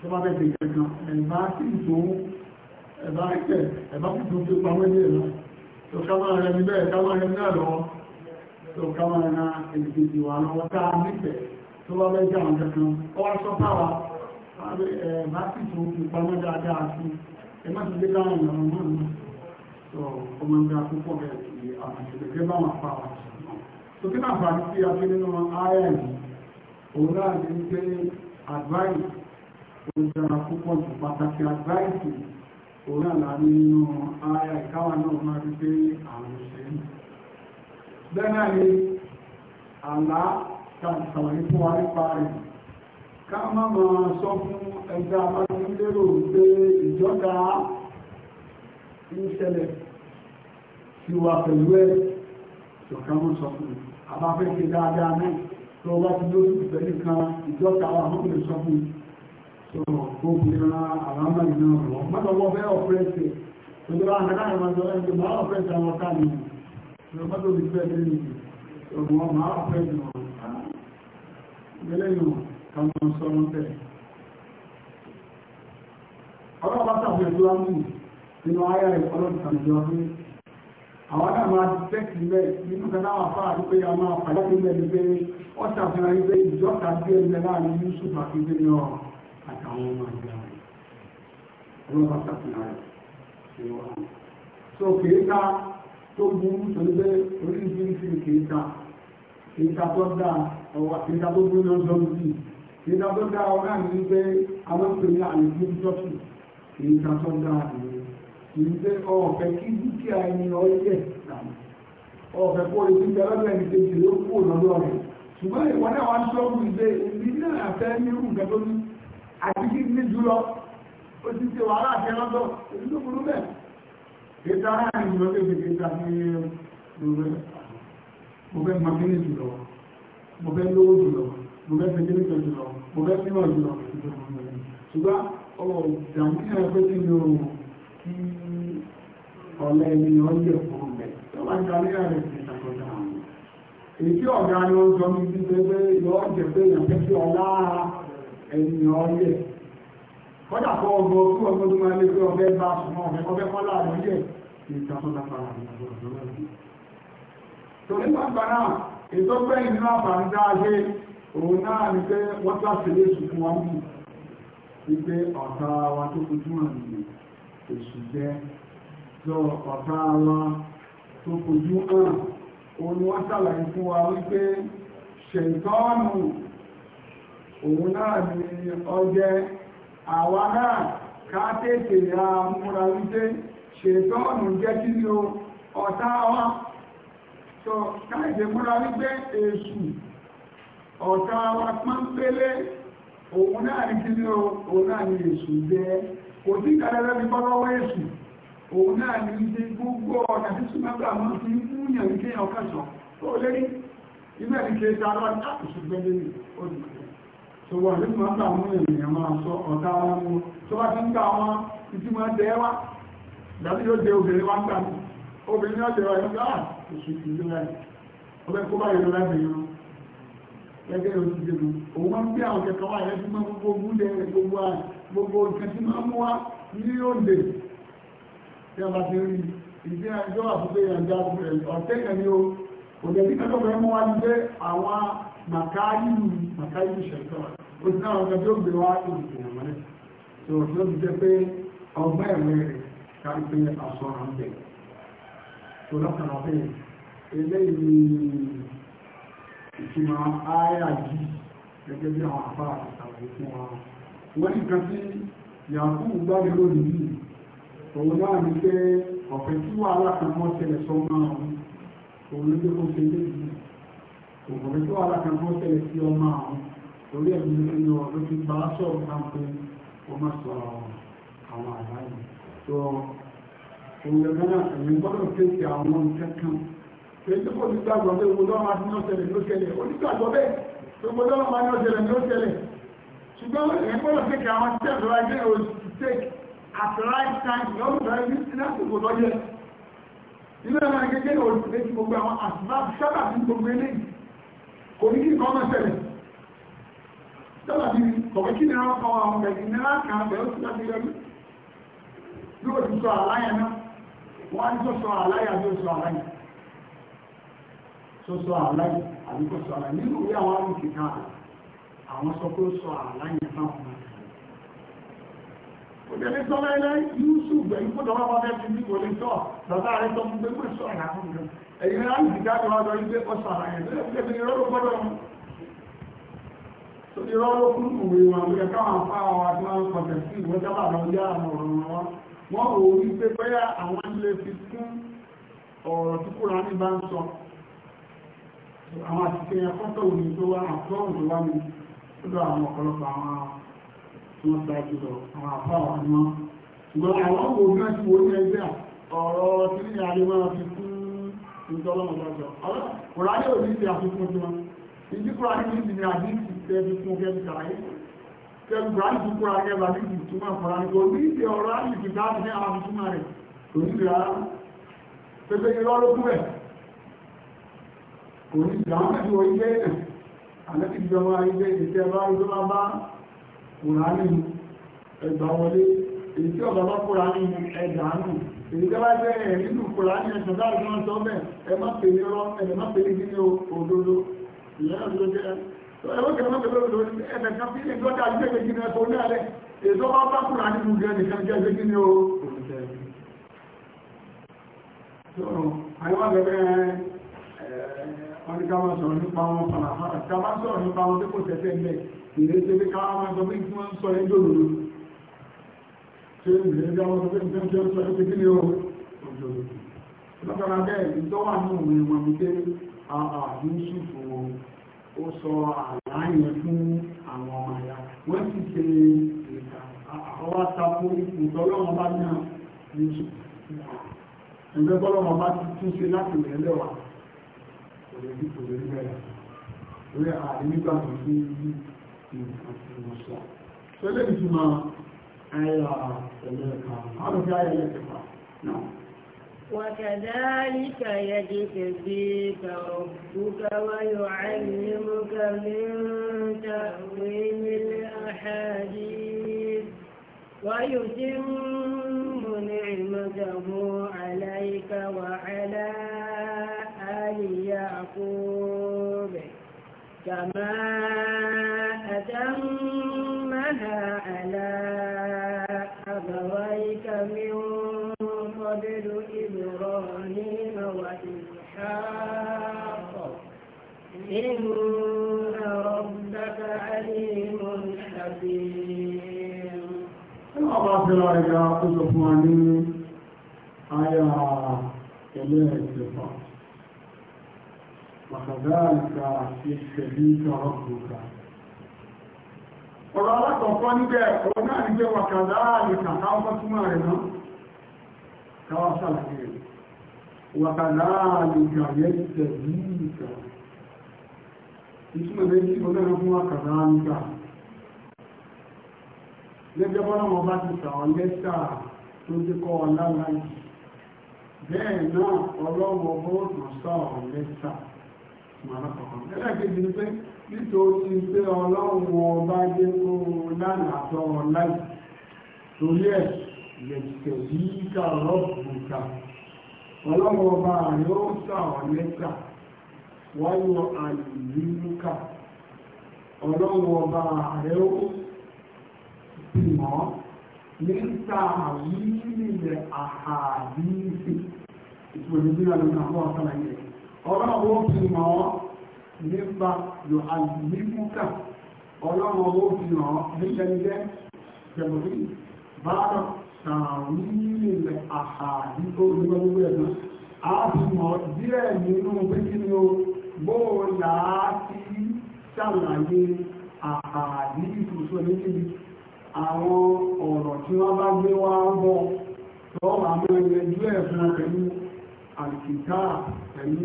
tó bá bẹ̀rẹ̀ kankan ẹ̀bá sì tó ẹ̀bá ẹ̀kẹ́ ẹ̀bá sì tó fi pamọ́ ní ẹ̀rọ tó ká máa rẹ ní bẹ́ẹ̀ ká máa rẹ ní àlọ́ tó ká máa ra èdè ìwà lọ́wọ́ tá a nífẹ̀ẹ́ tó bá lẹ́jọ́ àwọn kankan ó wá sọ fáwa bá sì tó fi pamọ́ dáadáa sí ẹ má ti dé láwọn ìlànà náà náà sọ ọmọ ìgbà púpọ̀ bẹ́ẹ̀ sí àwọn ìṣẹ̀lẹ̀ bá wà advice òun dára púpọ̀ jù advice òun náà là nínú ààrẹ ìkáwà náà máa rí pé àwọn kàtàrí fún wa nípa rẹ̀ ká má máa sọ fún ẹgbẹ́ abájúlérò pé ìjọba ń ṣẹlẹ̀ sí wa pẹ̀lú ẹ̀ ṣọ̀ká mọ́ sọ fún àbáfẹ́ ṣe dáadáa náà tó wá ti lórí ìfẹ́ nìkan ìjọba wa mọ́ lè sọ fún sọ̀rọ̀ tó fi ran àlámà ìná rọ̀ mọ́tọ̀wọ́ fẹ́ ọ̀pẹ́sẹ̀ pẹ̀lú àkàrà ìrìnàjò ẹgbẹ́ máa ọ̀pẹ́sẹ̀ àwọn káàkiri ọmọdé òbí fẹ́ lẹ́yìn ọmọ máa ọ̀pẹ́sẹ̀ wọn lẹ́lẹ́yìn àwọn sọ́rọ̀ tẹ́lẹ̀ ọlọ́pàá pàtàkì ẹ̀dọ́ àmì nínú ayá ìfọlọ́pàá ìjọ pé àwọn náà máa tẹ́kì mẹ́ nínú kan náà fà wípé a máa pàdé nílẹ̀ ní pé wọ́n ṣàfihàn wípé ìjọta bí ẹgbẹ́ láàrin Yusuf àti Jẹ́niọ́ àtàwọn ọmọ ìgbà rẹ̀ ọlọ́pàá ṣàfihàn rẹ̀ so kèéta tó burú tó ní bẹ́ orí ìbí ìfìlì kèéta ìta tó dá ọwà ìta tó gbé lọ sọ lùdí ìta tó dá ọ̀rá ní pé àwọn ìpele àlùkù tọ́tù ìta tó dá ìwé ìgbé ọ̀fẹ́ kí dúkìá ẹni ọ̀yẹ̀ ọ̀fẹ́ kó ibi tẹ́lọ́dọ̀ ẹni kejì ló kú lọ́dọ̀ rẹ̀ ṣùgbọ́n ìwọ náà wá sọ́ọ̀bù ìgbé ibi náà àfẹ́ nírú nǹkan tó ní àti kí ní jùlọ ó ti ṣe wàhálà àti ẹlọ́dọ̀ èyí tó burú bẹ́ẹ̀ ìta ara ìgbìmọ̀ mo fẹ́ mọ kíní jùlọ mo fẹ́ lówó jùlọ mo fẹ́ fẹ́ kíní kan jùlọ mo fẹ́ fíwọ̀ jùlọ ṣùgbọ́n ọwọ́ ìdààmú ní ẹgbẹ́ tí mi ò kí ọ̀lẹ́ mi ni wọ́n yẹ̀ fún ọ̀gbẹ́ tó bá ń ta ní ààrẹ ìṣàkọsà èyí tí ọ̀gá ni wọ́n sọ ní ti pé pé yọ jẹ pé èèyàn fẹ́ sí ọlá ẹni ọ̀yẹ̀ kọ́ ọgbọ́ kí ọgbọ́n tó máa torí bàbá náà ìtọ́pẹ́ ìnú àbàmì dáadé òun náà ni pé wọ́n tàbí lè ṣùgbọ́n wọn mú wípé ọ̀tá wa tó fojú hàn ní èṣù jẹ́ lọ ọ̀tá wa tó fojú hàn òun ni wọ́n ṣàlàyé fún wa wípé ṣèǹtọ́ọ̀nù òun náà ni ọjẹ́ àwa náà ká tètè múra wípé ṣèǹtọ́ọ̀nù jẹ́ kí ni ọ̀tá wa so káìsẹ̀ múra wípé èṣù ọ̀tá wa pọ́npélé òun náà ní kí ní òun náà ní èṣù jẹ́ kò sí kàrẹ́rẹ́ bí bọ́lọ́wọ́ èṣù òun náà ní ti gbogbo ọ̀nà tí súnmọ́gbà mọ́ fi ń fúnyàn ní kéèyàn kẹsọ̀ tó lérí ilé ní kí ta lọ láti ṣùgbẹ́lé òdìkọ̀ so wọ́n ní máa gbà mú ènìyàn máa sọ ọ̀tá wa mú tó bá ti ń gbà wọn títí wọn tẹ́ wá dàbí yóò jẹ obìnrin wá ń gbà mú oṣù tí ló láì ọgbẹ́ kó bá yẹn láti yọ gẹ́gẹ́ oṣù tí ló òun máa ń gbé àwọn kẹta wá ẹ̀rẹ́ tí máa gbogbo gúnlẹ̀ gbogbo à gbogbo nǹkan tí máa mú wá ní òde tí a bá ti rí ìdí àjọ àbúgbé ìrìnàjò ọ̀tẹ́ kan ni o òde tí kẹ́kọ̀ọ́ fẹ́ mú wá ní pé àwọn màkáyìlú màkáyìlú ṣẹ̀tọ́ ó ti náà ọ̀gá tí ó gbé wá ìrìnàjò mọ́lẹ̀ tó ló ti jẹ́ pé ọgbẹ́ ẹ̀rẹ́ rẹ̀ kárí pé aṣọ àǹbẹ̀rẹ̀ tó lọ́kànlọ́ pé eléyìí ìtumọ̀ àyà yìí gẹ́gẹ́ bí àwọn àpá àtàwọn fún wa wọ́n ní kan sí yàkú gbáre lónìí òun náà ní pé ọ̀fẹ́ tí wàhálà kan mọ́ tẹ̀lẹ̀ sọ máa ń òun ló dé kó ṣe léyìí òkùnrin tó wàhálà kan mọ́ tẹ̀lẹ̀ sí ọmọ àwọn orí ẹ̀mí nínú ọdún ti gbà sọ̀rọ̀ kan pé ó má sọ àwọn àlàyé èèyàn náà èèyàn gbọ́dọ̀ kéèkì àwọn ìkẹ́kàn èyí kò ní gbàgbọ́ pé ìwòdó máa ní ọ̀sẹ̀lẹ̀ ló ṣẹlẹ̀ onígbàgbọ́ bẹ́ẹ̀ pé ìwòdó máa ní ọ̀sẹ̀lẹ̀ ló ṣẹlẹ̀ ṣùgbọ́n èèyàn gbọ́dọ̀ kéèkì àwọn ìkẹ́kàn right there was to take at the right time lọ́dún bẹ̀rẹ̀ ní sinásìkò tó yẹ ilé ẹ̀rọ gẹ́gẹ́ òṣèlè ti gbogbo àwọn àtìmáàbù sábà ní gbogbo eléyìí kò ní kí nǹkan máa ṣẹlẹ̀ sábà ní kọ̀wé kí ni wọ́n kọ́ àwọn ọ̀gbẹ̀gì ní láàkàn bẹ̀rẹ̀ sí láti yọjú yóò ti sọ àláyà náà wọ́n ń sọ àláyà bí sọ àláyà tó sọ àláyà àbí kò sọ àláyà nínú ìwé àwọn àrùn kìkà àwọn sọ pé ó sọ àláyà fáwọn ọmọ òjèlé sọ láìláì yúúsù gbẹ̀yìn kó dọ́wọ́ wọn fẹ́ fi ní kò lè sọ bàbá rẹ̀ sọ fún gbẹ́gbẹ́ sọ àyà fún mi rẹ̀ láti dìgbà tó wọ́n rò wí pé bóyá àwọn ilé fi kún ọ̀rọ̀ tí kúrò ní bá ń sọ àwọn àtìkẹ́ ẹ̀kọ́tọ̀ òní tó wá àtọ́rùn tó wá ní ọdọ̀ àwọn ọ̀pọ̀lọpọ̀ àwọn tí wọ́n gba jùlọ àwọn àfáwà ní wọ́n ṣùgbọ́n àwọn wo náà ti wo ní ẹgbẹ́ ọ̀rọ̀ tí ní àríwá fi kún ìjọlọ́mọ̀lọ́jọ́ ọ̀rọ̀ kùránì òní ti àfikún tí wọ́n ìdí ní ìdí ní àdínkù tẹ́ fi kún kẹgbà ìjú kúrò agẹ́bà ní ìtumọ̀ fọ́nà ní orí ìdí ọ̀rọ̀ ìjì dáàbì ní àwọn ìtumọ̀ rẹ̀ kò ní ìrà pẹ́pẹ́ irọ́ ló kúrẹ̀ kò ní ìrà mẹ́jọ ilé ẹ̀ àlẹ́kì ìjọba ilé ìtẹ́ bá ìjọ bá bá kúrà ní ẹgbà wọlé èyí tí ọ̀bà bá kúrà ní ẹgbà nù èyí tí wá jẹ́ ẹ̀ nínú kúrà ní ẹ̀sán dáàbì náà sọ́bẹ̀ ẹ má pè ní ọ̀rọ̀ ẹ̀ má pè ní ẹ̀wọ́n kan mọ́tò lórí lórí ẹ̀bẹ̀ kan fi lè gbọ́dá ilé ìgbé gíní ẹ̀kọ́ ní alẹ́ èso bá bá kúrò nínú ìgbé nìkan jẹ́ ìgbé gíní o àyíwá bẹ̀rẹ̀ ọdíká máa sọ̀rọ̀ nípa wọn fàlàfàlà ká bá sọ̀rọ̀ nípa wọn tó kò tẹ́tẹ́ ilẹ̀ ìrètí bí ká máa sọ bí wọ́n sọ ní jòlòlò ṣe ìrètí àwọn sọ pé nǹkan jẹ́ sọ ní gíní o lọ́kọ̀ọ́ra bẹ́ẹ̀ ìtọ́wà náà wọ̀nyí wọn wípé àà ní ṣùfò ó sọ àlàáyẹ fún àwọn ọmọ ẹ̀yà wọ́n ti ṣe ìkà àwọn àtakò ìpùtọ́ ọlọ́mọ bá ní àwọn yóò ẹgbẹ́ bọ́lọ́mọ bá ti tún ṣe láti rẹ̀ lẹ́wà kò lè bí kò lè rí bẹ́ẹ̀ lórí ààrẹ nígbà tó fi ní nǹkan tí wọ́n sọ tẹ́lẹ̀ ìtumọ̀ ayẹyẹ ẹ̀lẹ́ẹ̀kan àwọn ọ̀gá ayẹyẹ ẹ̀lẹ́ẹ̀kan náà وكذلك يجتبيك ربك ويعلمك من تأويل الأحاديث ويتم نعمته عليك وعلى آل يعقوب كما أتمها على أبويك من وترميم وإلحاق إن ربك عليم حكيم الله تعالى يا قلوبنا آية إليك وكذلك يجتبيك ربك ọ̀rọ̀ alákọ̀ọ́kọ́ níbẹ̀ ọ̀rọ̀ náà ní jẹ́ wàkàdá àyíká káwọn fọ́túnmọ̀ rẹ̀ náà káwọn sàlàyé rẹ̀ وكذلك يجتبيك ìtumọ̀ ẹgbẹ́ tí ó lẹ́nu fún àkàrà nígbà lẹ́gbẹ́ bọ́nà wọn bá ti sàwọn lẹ́tà tó ti kọ́ ọlára yìí bẹ́ẹ̀ náà ọlọ́wọ́ bọ́ọ̀tún sàwọn lẹ́tà ẹlẹ́gbẹ̀ẹ́ ni pé nítorí pé ọlọ́wọ́ bá jẹ́ kó lánàá tọ́ ọláì torí ẹ̀ lẹ́tẹ̀ẹ́ yíká rọ́ọ̀bù ká ọlọ́wọ́ ọba yóò sà ọ́ lẹ́sà wáyọ àìlúkà ọlọ́wọ́ ọba rẹ̀ ó bìmọ́ níta àwílẹ̀ àhàdíìsì ìpòlùbílà lọ́nà àwọn ọ̀sán ayé ọlọ́wọ́ bìmọ́ nípa yọ àìlúkà ọlọ́wọ́ bìmọ́ nípa ẹgbẹ́ jẹ̀bọ̀rí bá tààrílẹ̀ àhàrí olúwẹ́wẹ́ ẹ̀nà ààbùmọ̀ díẹ̀ ṣàlàyé àhàrí ìtùsọ níbi àwọn ọ̀rọ̀ tí wọ́n bá gbé wá ń bọ̀ lọ́wọ́ àwọn ẹgbẹ́jú ẹ̀ pẹ̀lú àìkìká pẹ̀lú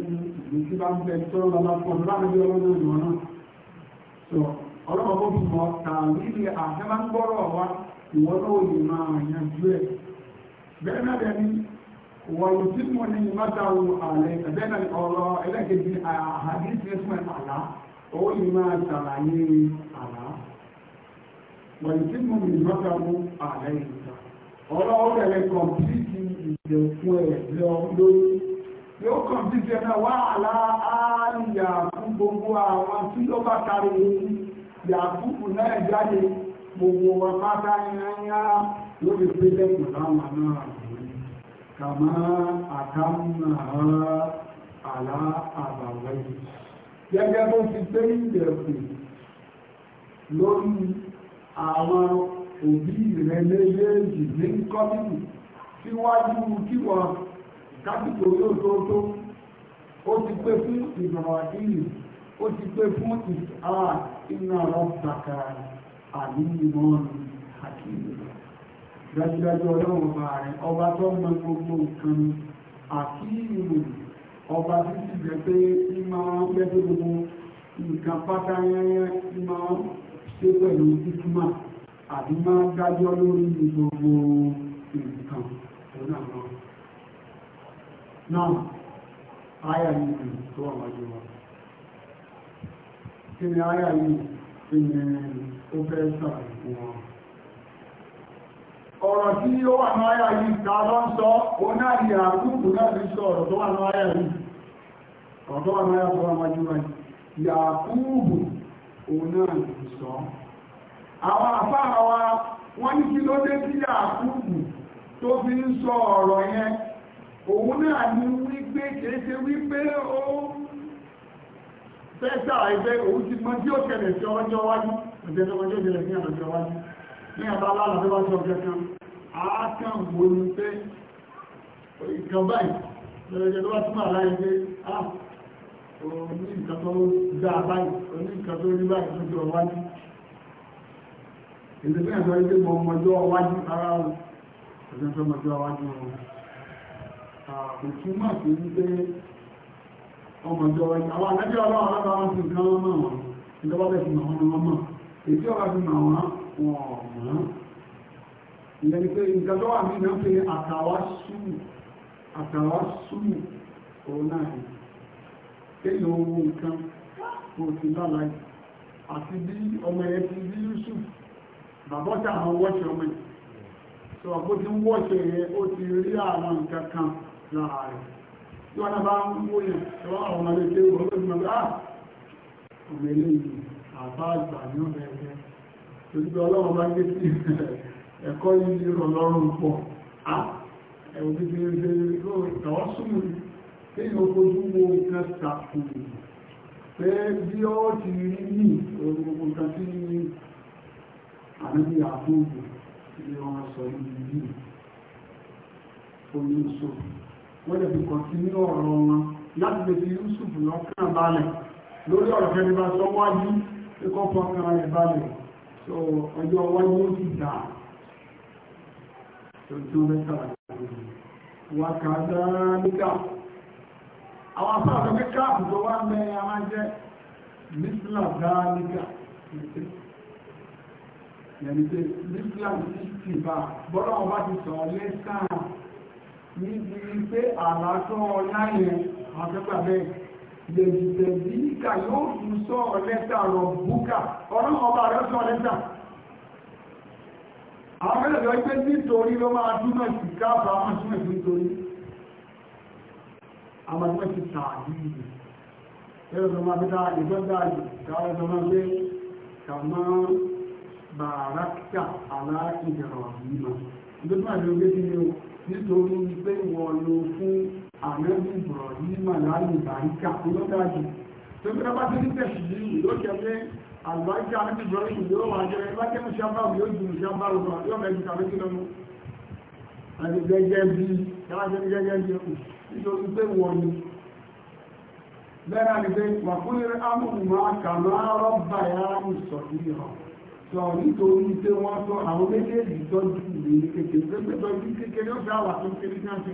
ìlú tí bá ń bẹ tó lọ́wọ́ fún ọdún láti ìwọ́n náà lè máa yanjú ẹ̀ bẹ́ẹ̀ náà dẹ̀ ní wọ̀lù tí mo ní mọ́tàwù àlẹ́ ẹ̀bẹ́ náà ọ̀rọ̀ ẹlẹ́gẹ̀dì àhàdìsẹ́sùn àlá ó lè máa ṣàlàyé àlá wọ̀lù tí mo ní mọ́tàwù àlẹ́ ìta ọ̀rọ̀ àlá àlìyà fún gbogbo àwọn tí ló bá tari yàkùkù náà gbogbo wa pátá yányá ló fi pé lẹ́kùn láwọn náà kàmá àtàmà àlá àbàwẹ́ gẹ́gẹ́ bó ti gbé ìdẹ̀kùn lórí àwọn òbí rẹ̀ méjèèjì ní kọ́bìnì síwájú kí wọ́n kápítò yóò tó tó ó ti pé fún ìrọ̀lẹ́ ó ti pé fún ìsà ìrìnàlọ́ àlímọ́nù àkíyè dájúdájú ọlọ́run ọba rẹ̀ ọba tó mọ gbogbo nǹkan ni àkíyè ọba tí ti jẹ́ pé ní máa ń pẹ́ tó gbogbo nǹkan pátá yẹ́yẹ́ ní máa ń ṣe pẹ̀lú ìtumà àbí máa ń lórí gbogbo nǹkan òun àwọn náà áyà yìí tó wà wájú ìní fẹ́ wọn. ọ̀rọ̀ tí ó wà yìí ta lọ sọ ó náà ni àkúkù náà fi sọ ọ̀rọ̀ tó wà yìí ọ̀rọ̀ tó wà ní tó wà náà fi sọ àwọn àfáà wa wọ́n ní kí ló dé sí tó fi fẹ́ sàrà ìgbẹ́ òun ti mọ tí ó kẹlẹ̀ sí ọjọ́ wájú ọjọ́ tó kọjọ́ ìjẹlẹ̀ sí ọjọ́ wájú ní àbálá àlàfẹ́ wá sí ọjọ́ kan àákàn wo ni pé ìkan báyìí lọ́jọ́ tó wá túmọ̀ láyé pé a òní nǹkan tó dá báyìí òní nǹkan tó rí báyìí tó jọ wájú ìdílé ẹ̀sọ́ ilé mọ ọmọjọ́ wájú ara wọn ọjọ́ tó mọjọ́ wájú wọn ọmọ ìjọ àwọn àlẹ́bí ọlọ́run alábà wọn ti nǹkan lọ́mọ wọn ìjọba bẹ̀ fi màwọn wọn mọ̀ èyí ọba fi màwọn wọn mọ̀ ìyẹn ni pé nǹkan tó wà nínú pé àtàwà súnù àtàwà súnù òun náà ni kéèyàn ohun nǹkan kò sí lálàyé àti bí ọmọ ẹ̀ ti bí Yusuf bàbọ́ta àwọn wọ́ṣẹ̀ ọmọ ẹ̀ sọ àpótí wọ́ṣẹ̀ ẹ̀ ó ti rí àwọn wọ́n náà bá ń mú yẹn ẹwọ́n àwọn ọmọdé tí ó gbọ́gbọ́ ìgbà bá ọmọ ilé yìí àbá àgbà ní ọmọ ẹgbẹ́ torí pé ọlọ́wọ́ bá gbé sí ẹ̀kọ́ yìí rọ̀ lọ́rùn pọ̀ á ẹ̀wọ̀n bí bí ṣe ìtọ́wọ́ súnmù pé yóò fojú wo nǹkan sàkùn pé bí ó ti rí ní gbogbo nǹkan tí àmì àkókò ni wọ́n sọ yìí yìí oníṣòwò wọ́n lè fi kàn sí ọ̀rọ̀ wọn láti lè fi Yusuf lọ́kàn balẹ̀ lórí ọ̀rọ̀ kẹ́ni bá sọ wájú kíkọ́ fọ́kàn rẹ̀ balẹ̀ so ọjọ́ wájú ó sì dà tó tó mẹ́ta wákàtà nígbà àwọn afáàfẹ́ pé káàpù tó wá mẹ́ níbi pé àlásán ọlá yẹn àtẹ́gbà bẹ́ẹ̀ lèjìdẹ̀ bí ìkà yóò fún sọ ọ̀lẹ́ta rọ̀ búkà ọ̀rọ̀ ọba rẹ̀ sọ ọ̀lẹ́ta àwọn mẹ́lẹ̀ lọ pé nítorí ló máa túnmọ̀ sí káàbà àwọn túnmọ̀ sí nítorí àwọn túnmọ̀ sí tààdì ẹ̀rọ tó máa bí dáa ìgbọ́gbà àjò káwọn tó máa gbé kàmọ́ bàrákà aláìjẹ̀rọ̀ yìí mọ̀ nítorí máa lè gbé sí ní o nítorí pé wọ́n lo fún àmẹ́bí ìbọ̀rọ̀ ní màláyé ìbáríkà olódájú tó bí wọ́n bá ti ní tẹ̀sí yìí ló jẹ́ pé àlùbáríkà àmẹ́bí ìbọ̀rọ̀ yìí yóò wá jẹ́ lákẹ́ mú sábàbù yóò jù sábàbù lọ yóò mẹ́jù tàbí kí lọ́nu àti gẹ́gẹ́ bí káwájẹ́ gẹ́gẹ́ bí ẹkù nítorí pé wọ́n ni bẹ́ẹ̀ náà ni pé wàkúnlẹ̀ amúhùnmáà kà máa sọ nítorí pé wọ́n sọ àwọn méjèèjì tọ́jú ìrìn kékeré pẹ́pẹ́ bí kékeré ó sáwà tó kéré káṣe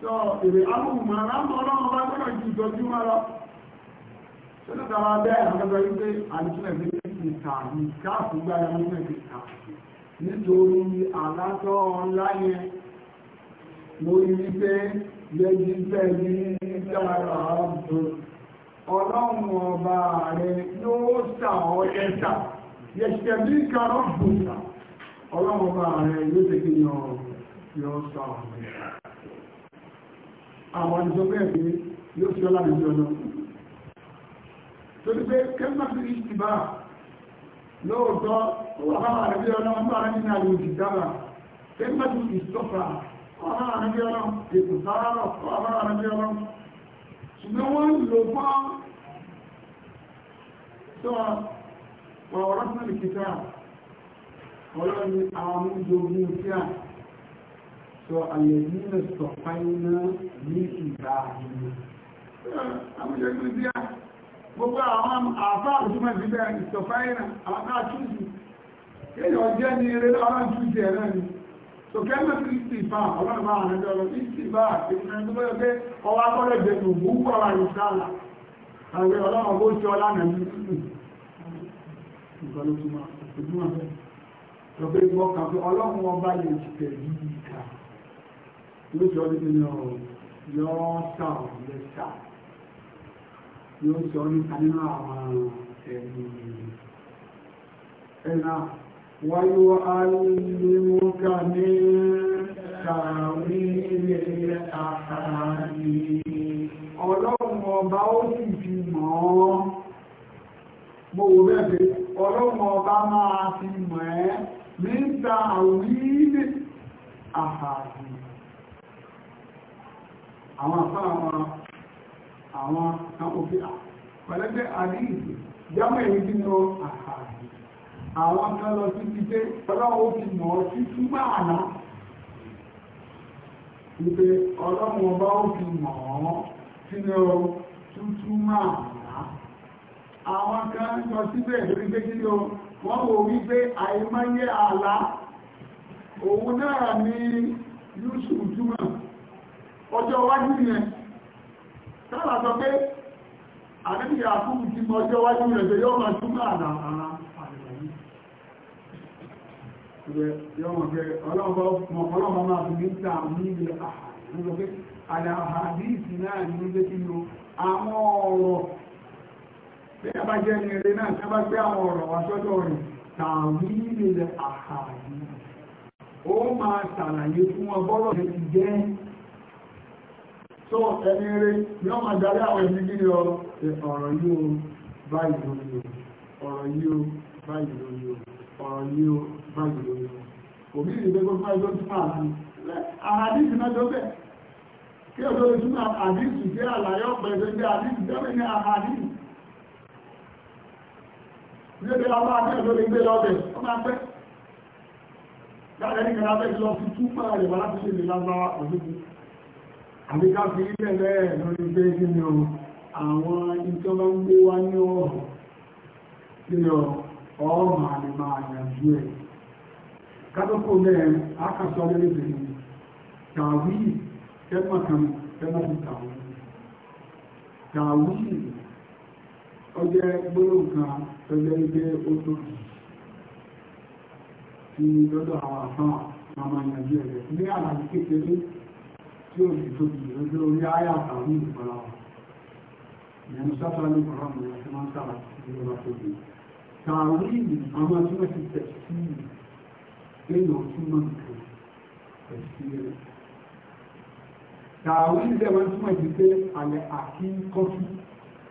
sọ èrè alóhùnmọ́ aláǹtọ́ ọlọ́run bá gbọ́dọ̀ ju ìtọ́jú wọn lọ sọ́dọ̀ tàwa bẹ́ẹ̀ àgbẹ̀bẹ̀ wípé àdìsílẹ̀ fi ní ìta ní káàkù gbára ní ẹ̀kẹ́ta nítorí alátọ́ ọlá yẹn mo rí wípé yẹjí bẹ́ẹ̀ni dára ọ̀dọ̀ ọlọ́run ọba rẹ̀ yóò sà ọ́ yẹ̀ṣẹ̀bí karọ́ bùnà ọlọ́run bá rẹ̀ yóò ti kí yọ yọ sọ àwọn ìjọ bẹ́ẹ̀ pé yóò fi ọlá ìjọ lọ torí pé kẹ́mọ́sí ìtìbá lóòótọ́ ọlọ́run rẹ̀ bí ọlọ́run bá rẹ̀ nínú àwọn ìjìdára kẹ́mọ́sí ìtọ́fà ọlọ́run rẹ̀ bí ọlọ́run وورثنا الكتاب ولن أعمدوا فيها سوى الذين استحينا من إبراهيم أمجد فيها gbogbo àwọn àfá àjúmọ̀ ìbílẹ̀ ìsọ̀fáìnà àwọn náà túnjù kéèyàn jẹ́ ní eré ọlọ́run túnjù ẹ̀rẹ́ ni so kẹ́mọ̀ sí ìsìnfà ọlọ́run máa rẹ̀ lọ́rọ̀ ìsìnfà ìpínlẹ̀ tó bọ́yọ̀ pé ọwọ́ akọ́rẹ̀ jẹ́ ìgbàlótúmọ̀ ìgbìmọ̀ rẹ̀ lọ́pẹ́ ìgbọ́ kan pé ọlọ́run ọba lè jìtẹ̀ yìí ìka yóò sọ ní pé yọ nínú àwọn ẹ̀mí ẹ̀nà ọlọ́run ọba ó sì fi mọ́ ọ́ mo wò bẹ́ẹ̀ pé ọlọ́run ọba máa fi mọ̀ ẹ́ níta àwílé àhàdì àwọn àfá àwọn àwọn àkókè pẹ̀lẹ́gbẹ́ àdíyìí jámọ̀ èyí tí lọ àhàdì àwọn kan lọ sí ti pé ọlọ́run fi mọ̀ ọ́ sí túbọ̀ àná wípé ọlọ́run ọba ó fi mọ̀ ọ́ sínú tútú àwọn kan jọ síbẹ̀ lórí pé kí wọ́n wò wípé àìmọ́yé àlá òun náà ní Yusuf túmọ̀ ọjọ́ wájú yẹn sára sọ pé àdébìyà fún ti mọ ọjọ́ wájú rẹ̀ pé yóò máa túmọ̀ àdà àwọn ọ̀rọ̀ bí a bá jẹ́ ní eré náà tí a bá gbé àwọn ọ̀rọ̀ wá sọ́dọ̀ rẹ̀ tàbí ilẹ̀ àhàdì ó máa ṣàlàyé fún wọn bọ́rọ̀ rẹ̀ ti jẹ́ tó ẹni eré ni wọ́n máa darí àwọn ẹni gírí ọ̀rọ̀ yóò báyìí lórí ọ̀rọ̀ yóò báyìí lórí ọ̀rọ̀ yóò báyìí lórí òbí ìgbẹ́gbẹ́ báyìí ló tún máa àhàdìsì náà tó bẹ̀ kí ọ̀dọ́ ìtúnà àdìsì jẹ́ àlàyé ọ̀pẹ̀ tó jẹ́ àdìsì jẹ́ Ilé-ìgbé lọ́wọ́ àti ìlú ìgbé lọ́dẹ̀, ó máa pẹ́. Láàrẹ́ ní kẹ́lá bẹ́ẹ̀ lọ sí túpọ̀ rẹ̀ wà láti ṣe lè lágbára òjúkú. Àbíká fi ilẹ̀ lẹ́ẹ̀ lórí pé kí ni ọ̀rọ̀ àwọn ìjọ bá ń gbé wá ní ọ̀rọ̀. Kí ni ọ̀rọ̀ ọ̀rọ̀ máa lè máa yànjú ẹ̀. Kátókò mẹ́rin, a kà sọ lórí pé tàwí kẹ́mọ̀kan kẹ́mọ̀ fi tàwí. Tàwí ọjẹ́ gbóòrùn kan tó jẹ́ ipé ó tó ti lọ́dọ̀ àwọn àfán àmà ìyàjú ẹ̀rẹ̀ ní àlàyé kékeré tí ó sì tóbi lọ́jọ́ orí ayà àtàrí ìpàlà ìyẹn sáfà ní ọ̀rọ̀mù àti máa ń sára ìjọba tóbi tààrí àwọn tí wọ́n ti tẹ̀sí lẹ́yìn tí wọ́n ti tẹ̀sí rẹ̀ tààrí ìjọba àlẹ́ àkíkọ́sí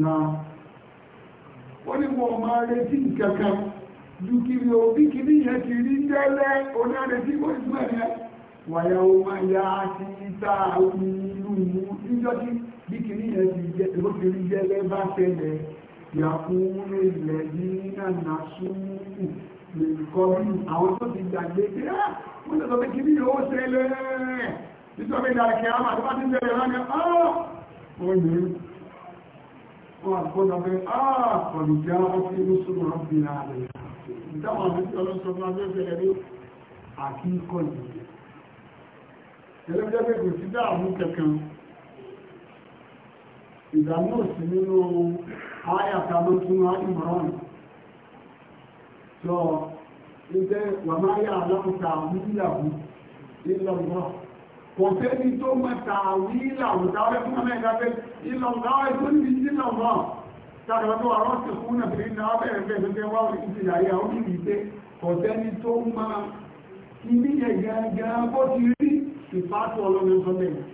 náà ó ní wọ́n máa retí kankan ju kiri o bí kiri yẹn ti rí tẹ́lẹ̀ onárètí ó ti mọ̀ yẹn wàyà ó máa ya ti ta ìlú mú níjọ́ tí bí kiri yẹn ti jẹ́ ó ti rí jẹ́lẹ́ bá tẹ́lẹ̀ yàkúnlé ilẹ̀ ní nànà súnmù lèkọ́ bí àwọn tó ti gbàgbé pé á ah, wọ́n tẹ́tọ́ pé kiri yóò tẹ́lẹ̀ nítorí ìdàkẹ́ àmà tó bá ti tẹ́lẹ̀ rán wọ́n àgbọ́nà pé ààkọ̀lù ah, jẹ́ ọkọ̀ inú súnmọ̀ rọ́bì náà rẹ̀ ìdáwọn àmì ọlọ́sọ máa bẹ́ẹ̀ rí àti ikọ̀ ìdíje ẹlẹ́gbẹ́gbẹ́ kò sí dáàmú kẹkàn ìdàmú òsì nínú ayàtà ló tún ìmọ̀ràn sọ ilé wàmáyà alákùnkà níyàwó ilẹ̀ ọgbọ́n kò fẹ́ni tó mẹ́ta wílà òtàwẹ́ fún ọmọ ẹ̀dá pé ìlọ̀ngáwẹ́ tó níbi ìlọ̀ngá tàbí tó àrọ́ sí fún náà fi náà bẹ̀rẹ̀ bẹ̀rẹ̀ bẹ̀rẹ̀ wá ìsìn àyà ó níbi pé kò fẹ́ni tó máa ibi ẹ̀gẹ̀gẹ̀ bó ti rí ìfàtò ọlọ́run sọ bẹ́ẹ̀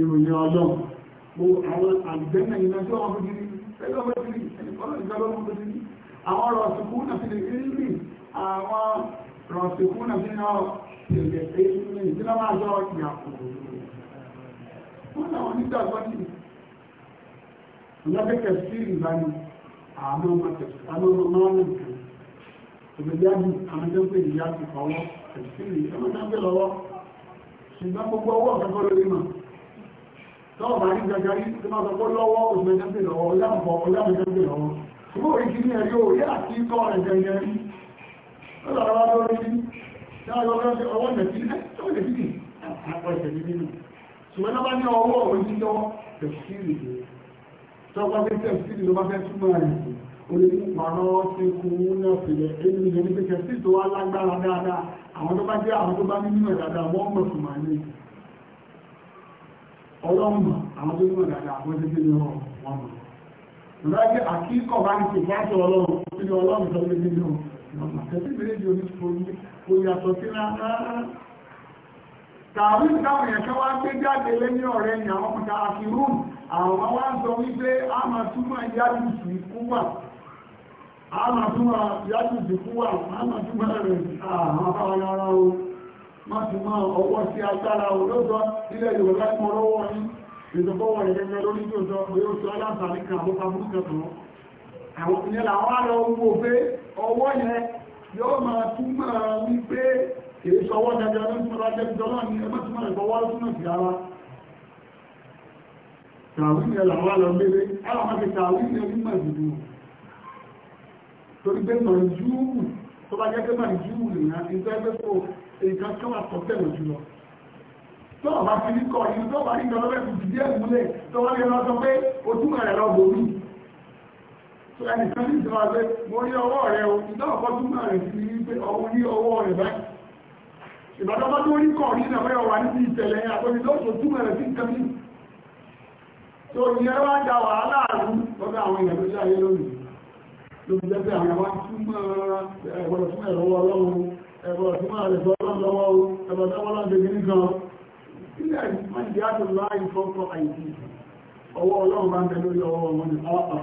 ìròyìn àwọn àgbẹ̀mẹ̀ iná náà fi náà Ìjọba kẹfì ìbáni àmọ́ ọmọ kẹfì, àmọ́ ọmọ ọmọ nìkan, ìgbẹ̀jáde àwọn tó ń pè ìyá ti kọwọ́, kẹfì ìjọba tó ń pè lọ́wọ́, ṣùgbọ́n gbogbo ọwọ́ ọ̀kẹ́kọ́ lórí mọ̀. Tọ́wọ̀ bá ní gagarí tó máa sọpọ̀ lọ́wọ́ òṣìṣẹ́ lọ́wọ́, ọlọ́mọ̀ ọlọ́mọ̀ lọ́wọ́. Ṣùgbọ́n òyìn kí ní ẹ̀rí òyìn àti ikọ́ rẹ̀ gẹ̀gẹ̀rí. Ó lọ́rọ̀ lórí ṣùgbọ́n bá ní ọwọ́ òjítọ́ tẹ̀síìrì tọ́gbà pé tẹ̀síìrì ló bá fẹ́ túnmọ̀ rẹ̀ olórí pàrọ̀ tí kú náà fìlẹ̀ ẹni ìyẹn ní pé tẹ̀síìrì tó wá lágbára dáadáa àwọn tó bá jẹ́ àwọn tó bá ní mímọ̀ dáadáa wọ́n mọ̀ fún màá ní ọlọ́mọ àwọn tó mímọ̀ dáadáa wọ́n ti fi ní wọn mọ̀ lọ́jọ́ àkíkọ̀ bá ní pè Ìjọba méjì oníṣòrí, kò yàtọ̀ sí rárá. Tàbí ìdáwọn yẹn kan wá gbé jáde lé ní ọ̀rẹ́ ni àwọn ọmọdé àfihàn, àwọn wá ń sọ wípé a máa túmọ̀ yájú sí ikú A máa túmọ̀ yájú sí ikú a máa túmọ̀ rẹ̀ àwọn afáwọn ara o. Má ti mọ ọwọ́ sí agbára olóòtọ́ ilẹ̀ Yorùbá mọ́ lọ́wọ́ yín. Ìjọbọ́wọ̀ ìrẹ́gbẹ́ lórí tó sọ pé ó sọ aláǹfààní kan àbúkà burúkẹ́ kan. Àwọn ìyẹn làwọn á lọ ọwọ́ yẹn yóò máa túmọ̀ wípé kìí sọwọ́ dájá lọ́sùnmọ́ra jẹ́ ìjọba ní ẹgbẹ́ túmọ̀ ìgbọ́wọ́ lọ́sùnmọ̀ sí ara tàwí yẹn làwọn àlọ́ mẹ́rẹ́ àwọn àti tàwí yẹn ní màjúù pé màjúù tó bá jẹ́ ẹnìkan ní ìjọba pé mo rí o ìdáwọ̀kọ́ túnmọ̀ rẹ̀ sí ní pé ọwọ́ ní ọwọ́ rẹ̀ báyìí ìbádọ́gbá tó rí kọ̀ rí ìdàmọ́ ọwà ní ìtẹ̀lẹ̀ àpẹẹrẹ lọ́sọ̀ túnmọ̀ rẹ̀ sí nǹkan mìí tó ìyẹn wá da wàhálà àrùn lọ́dọ̀ àwọn èèyàn tó ṣáyé lónìí ló fi jẹ́ pé àwọn àwọn túnmọ̀ ẹ̀gbọ́dọ̀ túnmọ̀ ẹ̀rọ ọwọ́ ọlọ́run bá ń bẹ ọwọ́ wọn pàápàá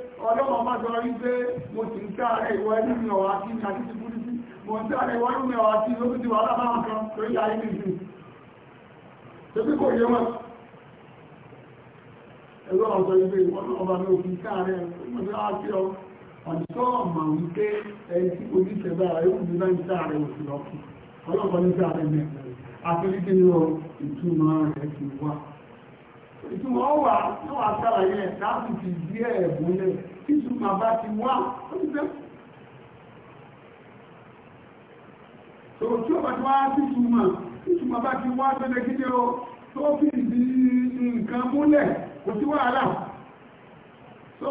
ọlọ́mọ bá sọ rí pé mo ti ń káàrẹ ìwọ ẹni mi ọ̀wá sí àti ti kúrú sí mo ń káàrẹ ìwọ ẹni mi ọ̀wá sí ló ti wà lábáwọn kan lórí ayé mi sí tó bí kò yé wọn ẹgbẹ́ wọn sọ ìgbé ìwọ náà bá mi ò fi káàrẹ ìwọ ah, àti ọ ọ̀dọ́ ọ̀mà wípé ẹni tí kò ní ṣẹ̀dá rẹ̀ ó ní láì káàrẹ òsì lọ́kì ìtumọ̀ wà tó wà sàlàyé ẹ̀ láti fi bí ẹ̀ múlẹ̀ kí ìtumọ̀ bá ti wá ó ti fẹ́. tòun tí ó bá ti wá sí ìtumọ̀ ìtumọ̀ bá ti wá tẹ́lẹ̀ kíkẹ́ o tó fi ìdí nǹkan múlẹ̀ kò sí wàhálà. so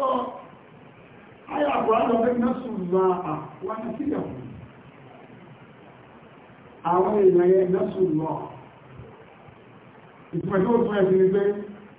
ayé àkùrá lọ bẹ́ẹ̀ náà sùn lọ àwọn ẹni sí ìyàwó àwọn èèyàn yẹn náà sùn lọ ìtumọ̀ tó tún ẹ̀sìn ni pé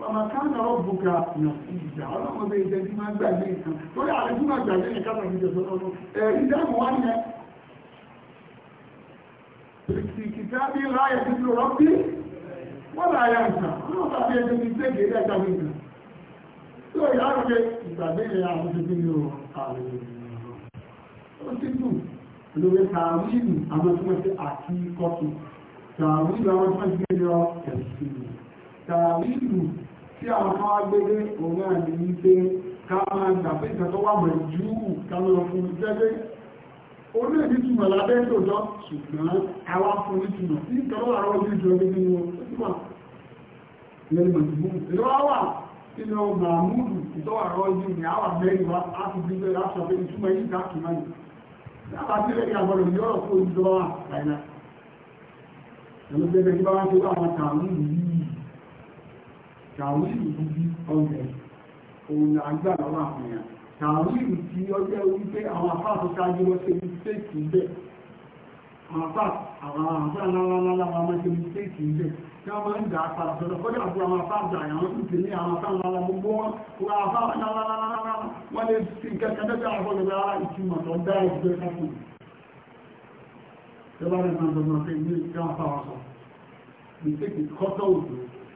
Bàbá káàdà ó bùkà nà ìjà ọlọ́mọdé ìjẹ́ tí máa gbàgbé nǹkan. Lórí ààrẹ tí máa gbàgbé nǹkan kàtà ìjọ sọ́lọ́run. Ẹ̀rí dáàmù wá yẹn. Kìtàbí láyé tí ló rọ́pí. Wọ́n láyé àìsàn. Wọ́n bá bí ẹni tí tẹ́gì ilé ẹja mi nà. Lórí ààrẹ ìgbàgbé ilẹ̀ àwọn ti fi ní o ààrẹ ìrìnàrọ̀. Ó ti dùn lórí tààwínù àwọn tí wọ́n ti àti kọ́tù. Tààwínù àwọn tí wọ́n ti gbé lọ ẹ̀sìn tààrílù tí àwọn fún agbẹ́gbẹ́ òun náà ní wípé ká máa gbàgbé ìkan tó wà mọ̀ jù ká lọ fún jẹ́gbẹ́ orí èdè túmọ̀ lábẹ́ tòótọ́ ṣùgbọ́n àwa fún ní túmọ̀ sí ìtọ́lọ́wà rọ́ sí ìjọ gbé nínú ọ̀túnmọ̀ lẹ́nu mọ̀tìmọ̀ ìlú àwà nínú màmúdù ìtọ́wà rọ́ sí ìrìn àwà mẹ́rin wa á fi gbígbé láti ọ̀fẹ́ ìtumọ̀ yìí ká kì máa nì lábàá sí lẹ́yìn àgbọ̀dọ̀ yọ̀rọ̀ fún ìjọba àìlá ẹ̀lú gbẹ́gbẹ́ tí bá wá ń ṣe àwọn tààrùn yìí tàwílù tí ó jẹ́ wípé àwọn àpáàtò ṣáájú wọ́n ṣe mistéèkì bẹ́ẹ̀ àwọn àpáà lálálálá wọn máa ṣe mistéèkì bẹ́ẹ̀ tí wọ́n máa ń dà padà sọ́dọ̀ kọ́dọ̀ àbúrò àwọn àpáà dà àwọn tó ti ní àwọn àpáà lálá gbogbo wọn wọ́n àpáà lálálálá wọ́n lè fi kẹ́kẹ́ bẹ́ẹ̀ àfọ́lọ́gbẹ́ ara ìtumọ̀ tó dá ẹgbẹ́ káfíìn tẹ́lá rẹ̀ máa ń dọ̀gbọ̀n pé ní ìjọ àpáà sọ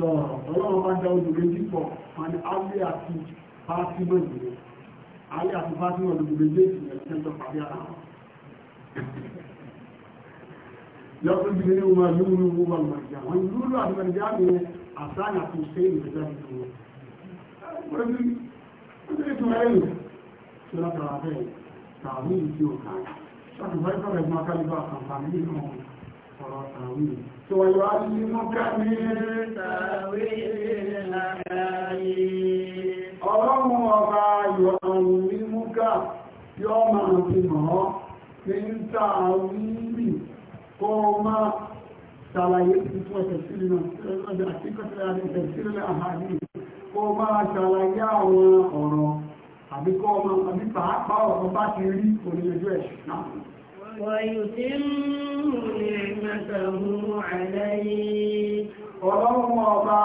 sọ ọlọ́run bá dá ojú méjì pọ̀ wọn ni alẹ́ àti fátímọ̀ ìlú alẹ́ àti fátímọ̀ ìlú méjì ìlú ẹ̀sẹ̀jọ pàdé ara wọn yọ́pẹ́ bí nínú wọn lúrú owó wọn mọ̀já wọn lúrú àti mọ̀já mi àsáyà àti ṣe ìrìnàjá ti tó wọ́n ní ètò ẹ̀yìn tí wọ́n tàbí tàbí ìdí òkà láti wáyé fọ́rẹ̀ mọ́ akálẹ́gbà àǹfààní nínú ọkùnrin ọ̀rọ̀ tàwílì tó wáyọ̀ alìmọ́ká ní ọlọ́run ọba yọ àrùn mímúká yọ máa fi mọ́ pé ń tàwílì kó máa ṣàlàyé tuntun ọ̀sẹ̀ sílẹ̀ náà àti kọ́sílẹ̀ àti ìtẹ̀sílẹ̀ àhàdì kó máa ṣàlàyé àwọn ọ̀rọ̀ àbíkọ́ ọmọ àbí pàápàá ọ̀rọ̀ bá ti rí onílẹ̀jọ́ ẹ̀ṣù náà ويتم نعمته عليه ọlọ́run ọba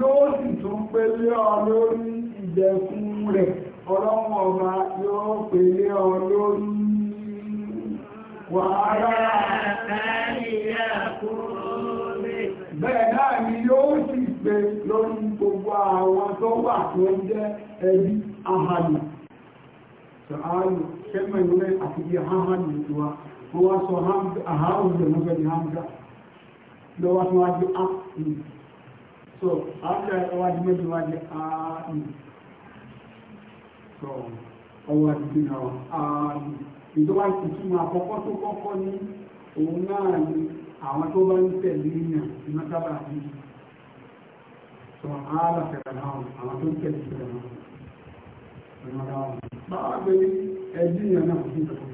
yóò sì tún pélé ọ lórí ìdẹ̀kùn rẹ̀ ọlọ́run ọba yóò pélé ọ lórí wàhálà bẹ́ẹ̀ náà ni yóò sì pé lórí gbogbo àwọn tó wà àti bí ahàlù wọ́n wá sọ àháhùn rẹ̀ mọ́fẹ́ ní hamza lọ wá fún wájú áàpù so áàpù wájú méjì wájú áàpù so ọwọ́ àdìdì náà áàpù ìjọba ìtumọ̀ àkọ́kọ́ tó kọ́kọ́ ní òun náà ni àwọn tó bá ń tẹ̀lé èèyàn ní so áàlà fẹ̀rẹ̀ náà àwọn tó ń tẹ̀lé fẹ̀rẹ̀ náà báwa gbé ẹbí yẹn kò sí ìtọ́kọ̀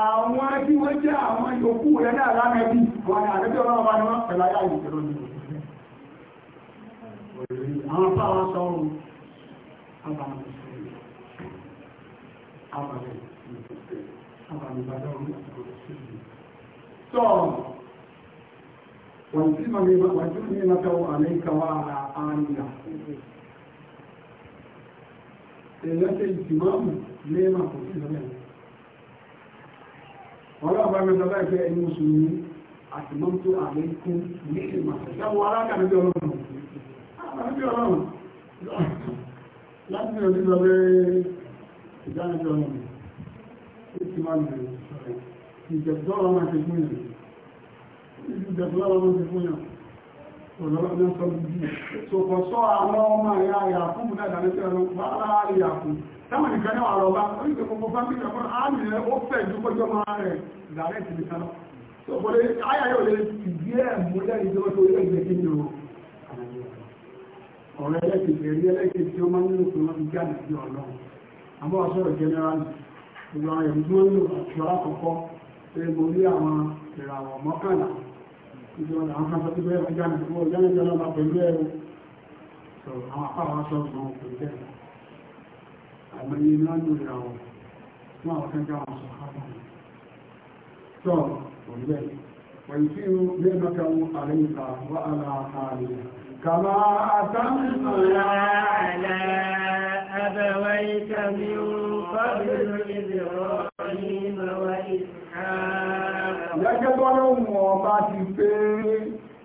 àwọn ẹbí wọ́n jẹ́ àwọn yòókù rẹ̀ náà lánàbí wọ́n ni àrẹ́bí ọlọ́run bá ní wọ́n pẹ̀lá yà ìjọrọ ní àwọn fáwọ́ sọ́run Èyàn tẹ́ ìtìmọ́ mú lé máa kò sí ìrọ̀lẹ́ ọ̀rọ̀ ọ̀bá mi sọ́lá ìfẹ́ ẹni mùsùlùmí àti mọ́tò àlékún ní ìmọ̀ ṣẹ́wọ́ alákàlẹ́bí ọlọ́run alákàlẹ́bí ọlọ́run láti ọdí lọ bẹ́ ìdánilẹ́ ọlọ́run ó ti máa lè ìjẹ̀bùtọ́ ọlọ́run àti fún yàn ìjẹ̀bùtọ́ ọlọ́run àti fún yàn ọ̀lọ́run sọ bí i sọ̀kọ̀ sọ àwọn ọmọ táwọn nìkan náà rọ̀ bá ó ní ìpè gbogbo fámìlì ọkọ̀ áàmì rẹ̀ ó fẹ̀ ju kọjọ́ máa rẹ̀ dàrẹ́ ti nìkan lọ. sọ̀bọ̀lé ayà yóò lè fìdí ẹ̀ múlẹ̀ ìjọba tó yẹ ìgbẹ́ kí ni o. ọ̀rọ̀ ẹlẹ́kẹ̀kẹ̀ rí ẹlẹ́kẹ̀kẹ̀ tí ó máa ń lò fún wọn gíga nàìjíríà ọlọ́run. àmọ́ ọ̀sọ̀rọ̀ generally gbogbo àwọn ẹ̀mí tí wọ́n lò àti ọ̀rá kọ̀ọ̀kọ́ pé mo rí àwọn ìràwọ̀ mọ́kànlá ìjọba àwọn kan sọ pé bẹ́ẹ̀ ọjà nàìjíríà ọjà nàìjíríà ọlọ́run pẹ̀lú ẹ̀rọ àmọ́yé lánà ìràwọ̀ fún àwọn kẹjọ àwọn sọ̀kọ́kọ́ tó òlúwẹ̀ wọ̀nyí tí ó lẹ́gbẹ̀kẹ́ àrẹ ìta wà aláàkàrí kàmà àtàmìnà àlẹ́ àbẹ̀wẹ̀ ìtàbí fàbílù ìbẹ̀rọ̀ ìmọ̀wẹ̀ ìta Gẹ́gẹ́ bọ́lọ́hùn ọba ti pé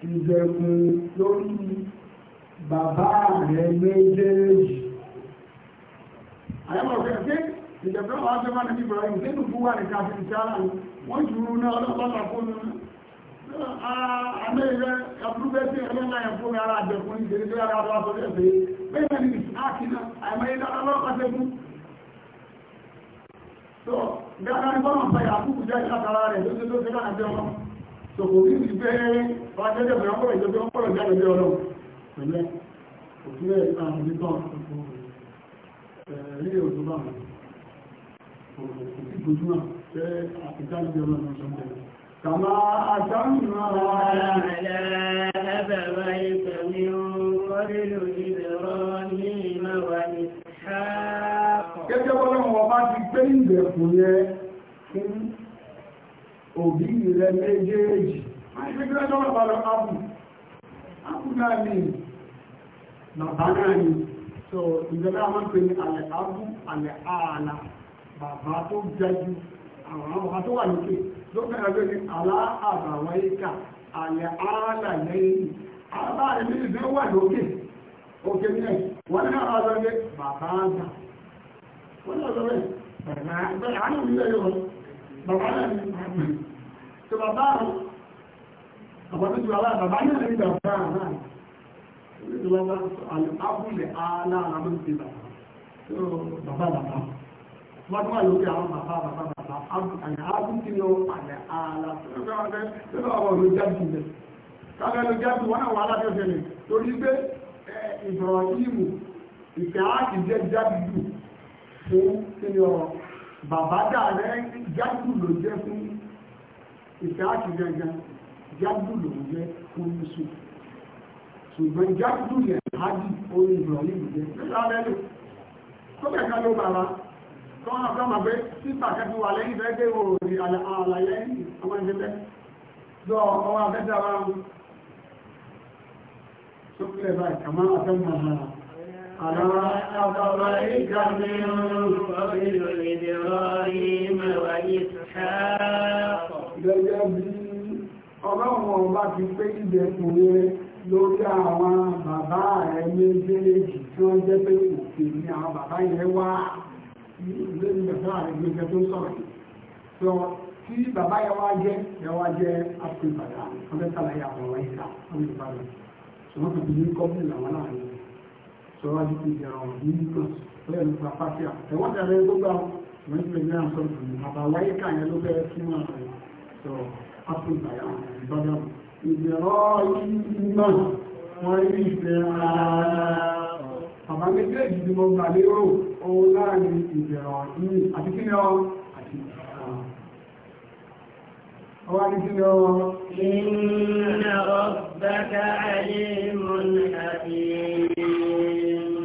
ìjẹ̀kùn lórí bàbá rẹ̀ méjèèjì àyẹ̀wò ọ̀fẹ́ pé ìjẹ̀bẹ́ wà tó bá níbi Ibrahim nínú fúwà ní káfíń sára wọ́n jùrú náà ọlọ́pàá fún amẹ́rẹ́ ẹ̀bùrúgbẹ́sí ẹlẹ́nà ẹ̀fún ara àjẹ̀kún ní ìdèrè tó yára àwọn àtọ́jú ẹ̀fẹ́ bẹ́ẹ̀ ni ìsáàkínà àìmọye dára lọ́pàá tẹ́kún tó dára ní bọ́nà báyà àkúkù jẹ́ ìlàtara rẹ̀ tó tó tó kánà bí ọmọ tó kò rí ìgbẹ́ fàájẹ́jẹ́ bẹ̀rẹ̀ ọkọ̀ ìjọba ọkọ̀ ìjọba ọlọ́run pẹ̀lẹ́ òkúrẹ́ ìpàdé tán ilé òjòmá òjòmá tẹ́ àtìkáàlì ọmọ ìṣọ́mọ̀ kàmá àtàmìmọ̀ ara ẹ̀lẹ́ ẹbẹ̀rẹ̀ ìfẹ̀mí orílò ìbẹ̀rọ ní ìmọ̀wà ní ṣáàkọ̀. Gẹ́gẹ́ bọ́lọ́wọ́ wọ́n bá ti gbé so ìjọba alaala pè ní alẹ̀ abú alẹ̀ ààlà bàbá tó jẹ́jú àwọn bàbá tó wà lókè ló fẹ́ràn ní aláàbàwọ̀ ìkà alẹ̀ ààlà lẹ́yìn àbá rẹ̀ ní ìfẹ́ wà lókè òkè ní ẹ̀ wọ́n ní àwọn ọ̀dọ́ bàbá àgbà wọ́n ní bàbá àgbà àwọn tó bá wọ́n alábùlẹ̀ alára ló ti bàbá bàbá bàbá wọ́n tó wà lókè àwọn bàbá bàbá bàbá alábùtí lọ àlẹ́ alára tó bá wọ́n tó bá wọ́n ló jáde jùlẹ̀ káfẹ́ ló jáde wọ́n náà wà alábẹ́ fẹ́lẹ̀ torí pé ìfọ̀rọ̀ ìmù ìfẹ́ àti jẹ́ jáde jù fún kí ni ọ̀rọ̀ bàbá dàrẹ́ jáde ló jẹ́ fún ìfẹ́ àti jẹ́ jáde ló jẹ́ fún Yusuf ṣùgbọ́n jákùtù yẹn hajji orí ìrọ̀lẹ́ ìgbẹ́ lọ́lẹ́lẹ́ tó kẹ̀kẹ́ ló bàbá tó wọ́n fẹ́ máa pé sípà kẹ́kù wà lẹ́yìn fẹ́ dé òòrì àlàyé ọmọ ìgbẹ́ lọ ọwọ́ afẹ́dá wa ń sókè báyìí kàmá afẹ́ máa ha Àlọ́wọ́ àbọ̀bọ̀ ìgbàmí ọrùn ọ̀rìnlò ìdẹ̀rọ̀rí mẹ́wàá yìí ṣáàpọ̀. Gẹ́gẹ́ bí ọlọ́run ọba ti pé ìdẹ̀kùn rẹ̀ lórí àwọn bàbá rẹ̀ méjèèjì tí wọ́n jẹ́ pé òkè ní àwọn bàbá yẹn wá lórí bàbá rẹ̀ méjèèjì tó sọ̀rọ̀ sọ tí bàbá yẹn wá jẹ́ yẹn wá jẹ́ áfíríkà wọ́n fẹ́ sàlàyé àwọn ọ̀rọ̀ yìí ká wọ́n lè balẹ̀ sọ wọ́n fi ní kọ́pù làwọn láàrin sọ wọ́n ti fi jẹ́ àwọn ní nìkan lẹ́nu pa pàṣẹ ẹ̀wọ́n tẹ̀lé gbogbo àwọn wọ́n ti fi ní àwọn sọ̀rọ̀ bàbá wáyé ìbẹ̀rọ ìgbìmọ̀ wọ́n rí ìfẹ́ ara àmá méjì ìdìbò gbàlérò owó láàrin ìbẹ̀rọ ìní àti kí lọ àti ọwá ní kí lọ Inna rabbaka alimun hakim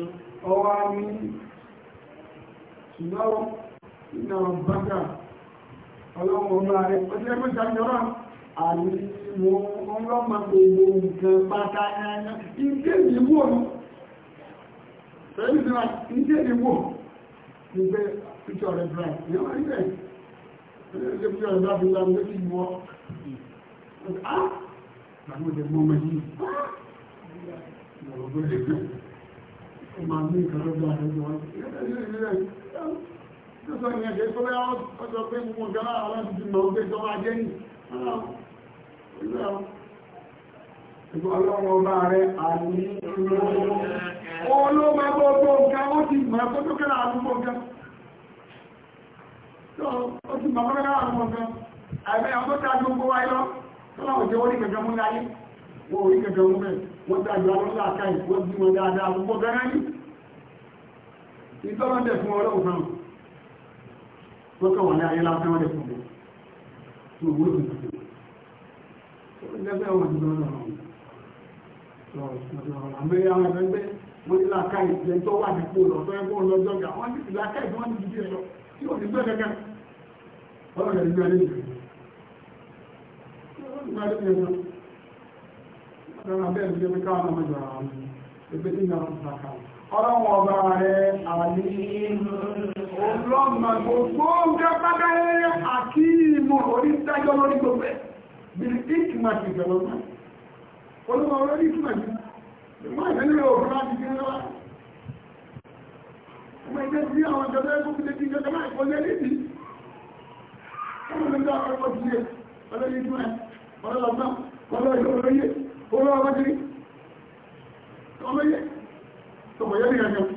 ọwá ní ṣùgbọ́n ìnà rabbaka ọlọ́run ọba rẹ̀ ọjọ́ ẹgbẹ́ ìjọ àwọn ọlọ́mọ gbogbo nǹkan pátá ẹ̀yà ìdé ìwò rẹ̀ pẹ̀lú ìdé ìwò nígbẹ́ píṣọ̀ rẹ̀ bright ní ọmọ ilẹ̀ ẹgbẹ́ píṣọ̀ rẹ̀ bright nígbà mú sí ìwọ́ ah pàdé òjò mọ́ ọmọ yìí ọ̀rọ̀gbọ́n ah! ẹgbẹ́ ó máa ní ìkàlọ́gbọ́ àtẹ́jọ́ wọn ẹgbẹ́ ìrìnlẹ̀ Ọlọ́run ọba rẹ̀ àní olóògbà gbogbo nǹkan ó ti mọ̀ ẹ̀kọ́ tó kẹ́lá àdúgbò nǹkan. Ó ti mọ̀ kọ́kẹ́lá àdúgbò nǹkan. Àìbẹ́ ọmọ tó tàbí gbogbo wáyé lọ, tó láwọn jẹ́ orí gẹ̀gẹ̀ mú láyé, wọ́n orí gẹ̀gẹ̀ mú mẹ́, wọ́n tàbí àwọn láàkáì, wọ́n bí wọn dáadáa gbogbo gẹ́rẹ́ ní. Ìtọ́lọ́dẹ̀ fún ọlọ́run náà, wọ́n kọ̀ wọ́n ní ayé lásán wọ́n dẹ̀ fún ọgbọ̀n ẹgbẹ́ wọn ní lọ́nà ọ̀hún àmẹ́yà wọn ẹgbẹ́ wọn ní làákà ìjẹ́ tó wà nípò lọ́tọ́ ẹgbẹ́ ọlọ́jọ́ gà wọ́n ní làákà ìjẹ́ wọn ní jíjí ẹ̀rọ tí ò ní gbẹ́ kẹ́kẹ́ ọlọ́rẹ̀ ní ẹni Ọlọ́run ọba rẹ̀ àní ọlọ́mà gbogbo ń gẹ́ pátá rẹ̀ àkíìmọ̀ orí dájọ́ lórí gbogbo ẹ̀. بالإكمة في الله قلوا أولا الإكمة ما يدلوا أولا في الله وما يدلوا أولا جدائكم في الذين جماعة قلنا لدي أولا من دعوا الوجهية ولا الإكمة ولا الأبناء ولا الأولية ولا الرجل أولية ثم يلي أجل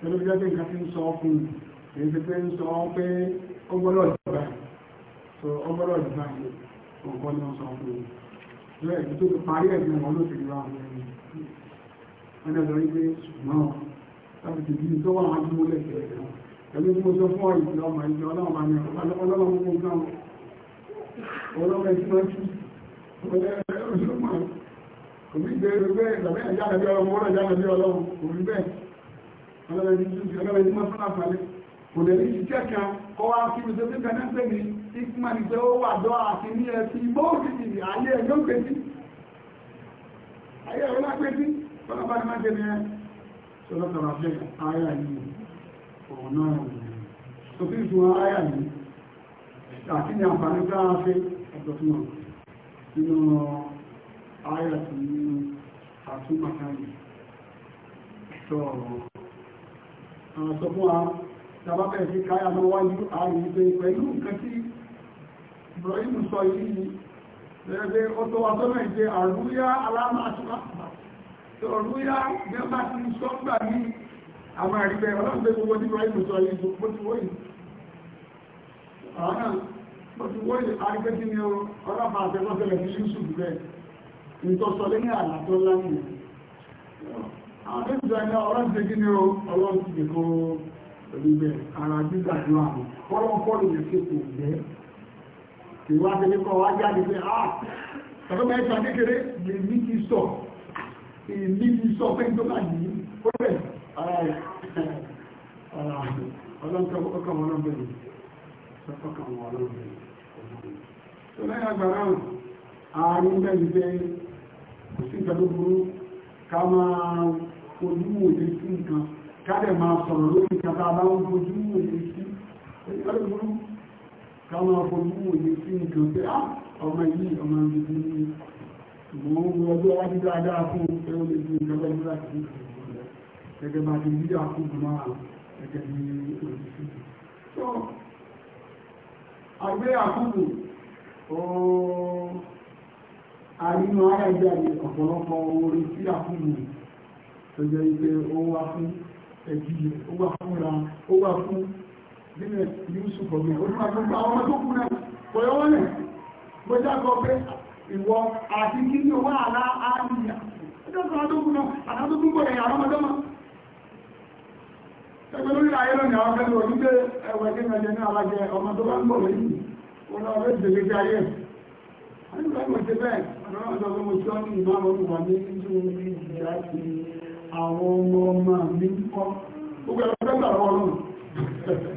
Ẹni bí ọjọ́ ìgbà fi ń sọ fún èyí ti pé ń sọ pé ọgbọ́lọ́ ìgbà. So ọgbọ́lọ́ ìgbà yìí ọ̀gbọ́n ni wọ́n sọ fún mi lẹ́yìn tó ti parí ẹ̀gbẹ́ wọn ló ti rí ra àwọn ẹni wọ́n dẹ̀ lọ rí pé ṣùgbọ́n láti ti bí tó wà wájú mọ́lẹ̀ kẹ̀kẹ́ pẹ̀lú bí mo sọ fún ọ̀yìn ìjọ ọmọ ìjọ ọlọ́run bá ní ọlọ́run gbogbo náà ọlọ́run ẹ̀sìn máa ń tú òbí ìgbèrú bẹ́ẹ̀ ìgbàmẹ́ ìjáde bí ọlọ́run wọ́n ìjáde bí ọlọ́run òbí bẹ́ẹ̀ kan kọ́ wá kí mi tó ti ìsìnkúnmọ̀ ní pé ó wà dọ́ àti ní ẹ̀fì bóòkìtì ayé ẹ̀yọ́ pẹ̀sí ayé ẹ̀rọ lápẹ́sí tọ́nà bá ní máa jẹ́ ní ẹ́ sọ́lọ́tọ̀rọ̀ àfẹ́ ayà yìí ọ̀nà sọfí ìṣúná ayà yìí àti ní àǹfààní bá a fẹ́ ọ̀tọ̀tún nínú ayà tí àtúnpàtà yìí sọ̀rọ̀ àwọn sọ fún wa tàbátẹ̀ sí káyà mọ́ wáyé ààrùn pẹ̀lú nǹkan tí Ibrahim sọ ìlú ni lẹ́gbẹ́ ọtọ́ ọtọ́nà ìgbé àrúyá alámàtúwà tó rúyá mẹ́fà ti sọ́gbà ní àwọn àrígbẹ́ ọlọ́gbẹ́ gbogbo ní Ibrahim sọ ìlú bó ti wọ́yì àwọn náà bó ti wọ́yì àrígbẹ́ tí ni ọlọ́pàá àtẹ́lọ́sẹ̀lẹ̀ ní Yusuf bẹ́ẹ̀ nítọ́sọ lẹ́yìn àlà tó láyìn àwọn tó ti sọ ẹ̀yà ọlọ́gbẹ́ kí ni ọlọ́gbẹ́ kó rí bẹ́ẹ̀ ara gbígbàdúrà wọn lọ́wọ́ kọ́ kì wá sí nípa wá jáde pé ah ọ̀rọ̀mọ̀ ẹ̀ta kékeré lè ní kí sọ èmi ti sọ pé tó bá yìí ó bẹ̀ ara ẹ̀ ọlọ́nkọ̀ ọlọ́bẹ̀rẹ̀ ọkọ̀ ọlọ́bẹ̀rẹ̀ tó lẹ́yìn agbára ààrùn bẹ́ẹ̀ jẹ́ kò sí ìjọba burú ká máa ojú òye sí nǹkan ká dẹ̀ máa sọ̀rọ̀ lórí kàtà bá ń fojú òye sí ìjọba burú káwọn ọkọ̀lú òye sí nǹkan pé á ọmọ yìí ọmọ ìdí ní ìmọ̀ ogun ọjọ́ wájú dáadáa fún ẹwọ́n lè fi ìjọba ìmúra sí gẹ́gẹ́ bá ti yíyá fún ìmọ̀ gẹ́gẹ́ bí òṣìṣẹ́ so àgbẹ̀ àkókò àrínú ara ìgbà ọ̀pọ̀lọpọ̀ orí sí àkókò tó jẹ́ ìpé ó wá fún ẹ̀jì ó wá fún ra ó wá fún nínú Yusuf ọmọ olúwa gbogbo àwọn ọmọ tó kú náà kò yọ wọlé mo jágọ pé ìwọ àti kí ní owó àlá àríyà ẹjọ́ kan tó kú náà àtàtó tún bọ̀ ẹ̀yà ọmọdọ́mọ ẹgbẹ́ lórí ayé lónìí àwọn akẹ́lẹ́ òní pé ẹwẹ̀ kí ní ẹjẹ ní alájẹ ọmọ bá ń bọ̀ lẹ́yìn òun náà fẹ́ tẹ̀lé sí ayé àwọn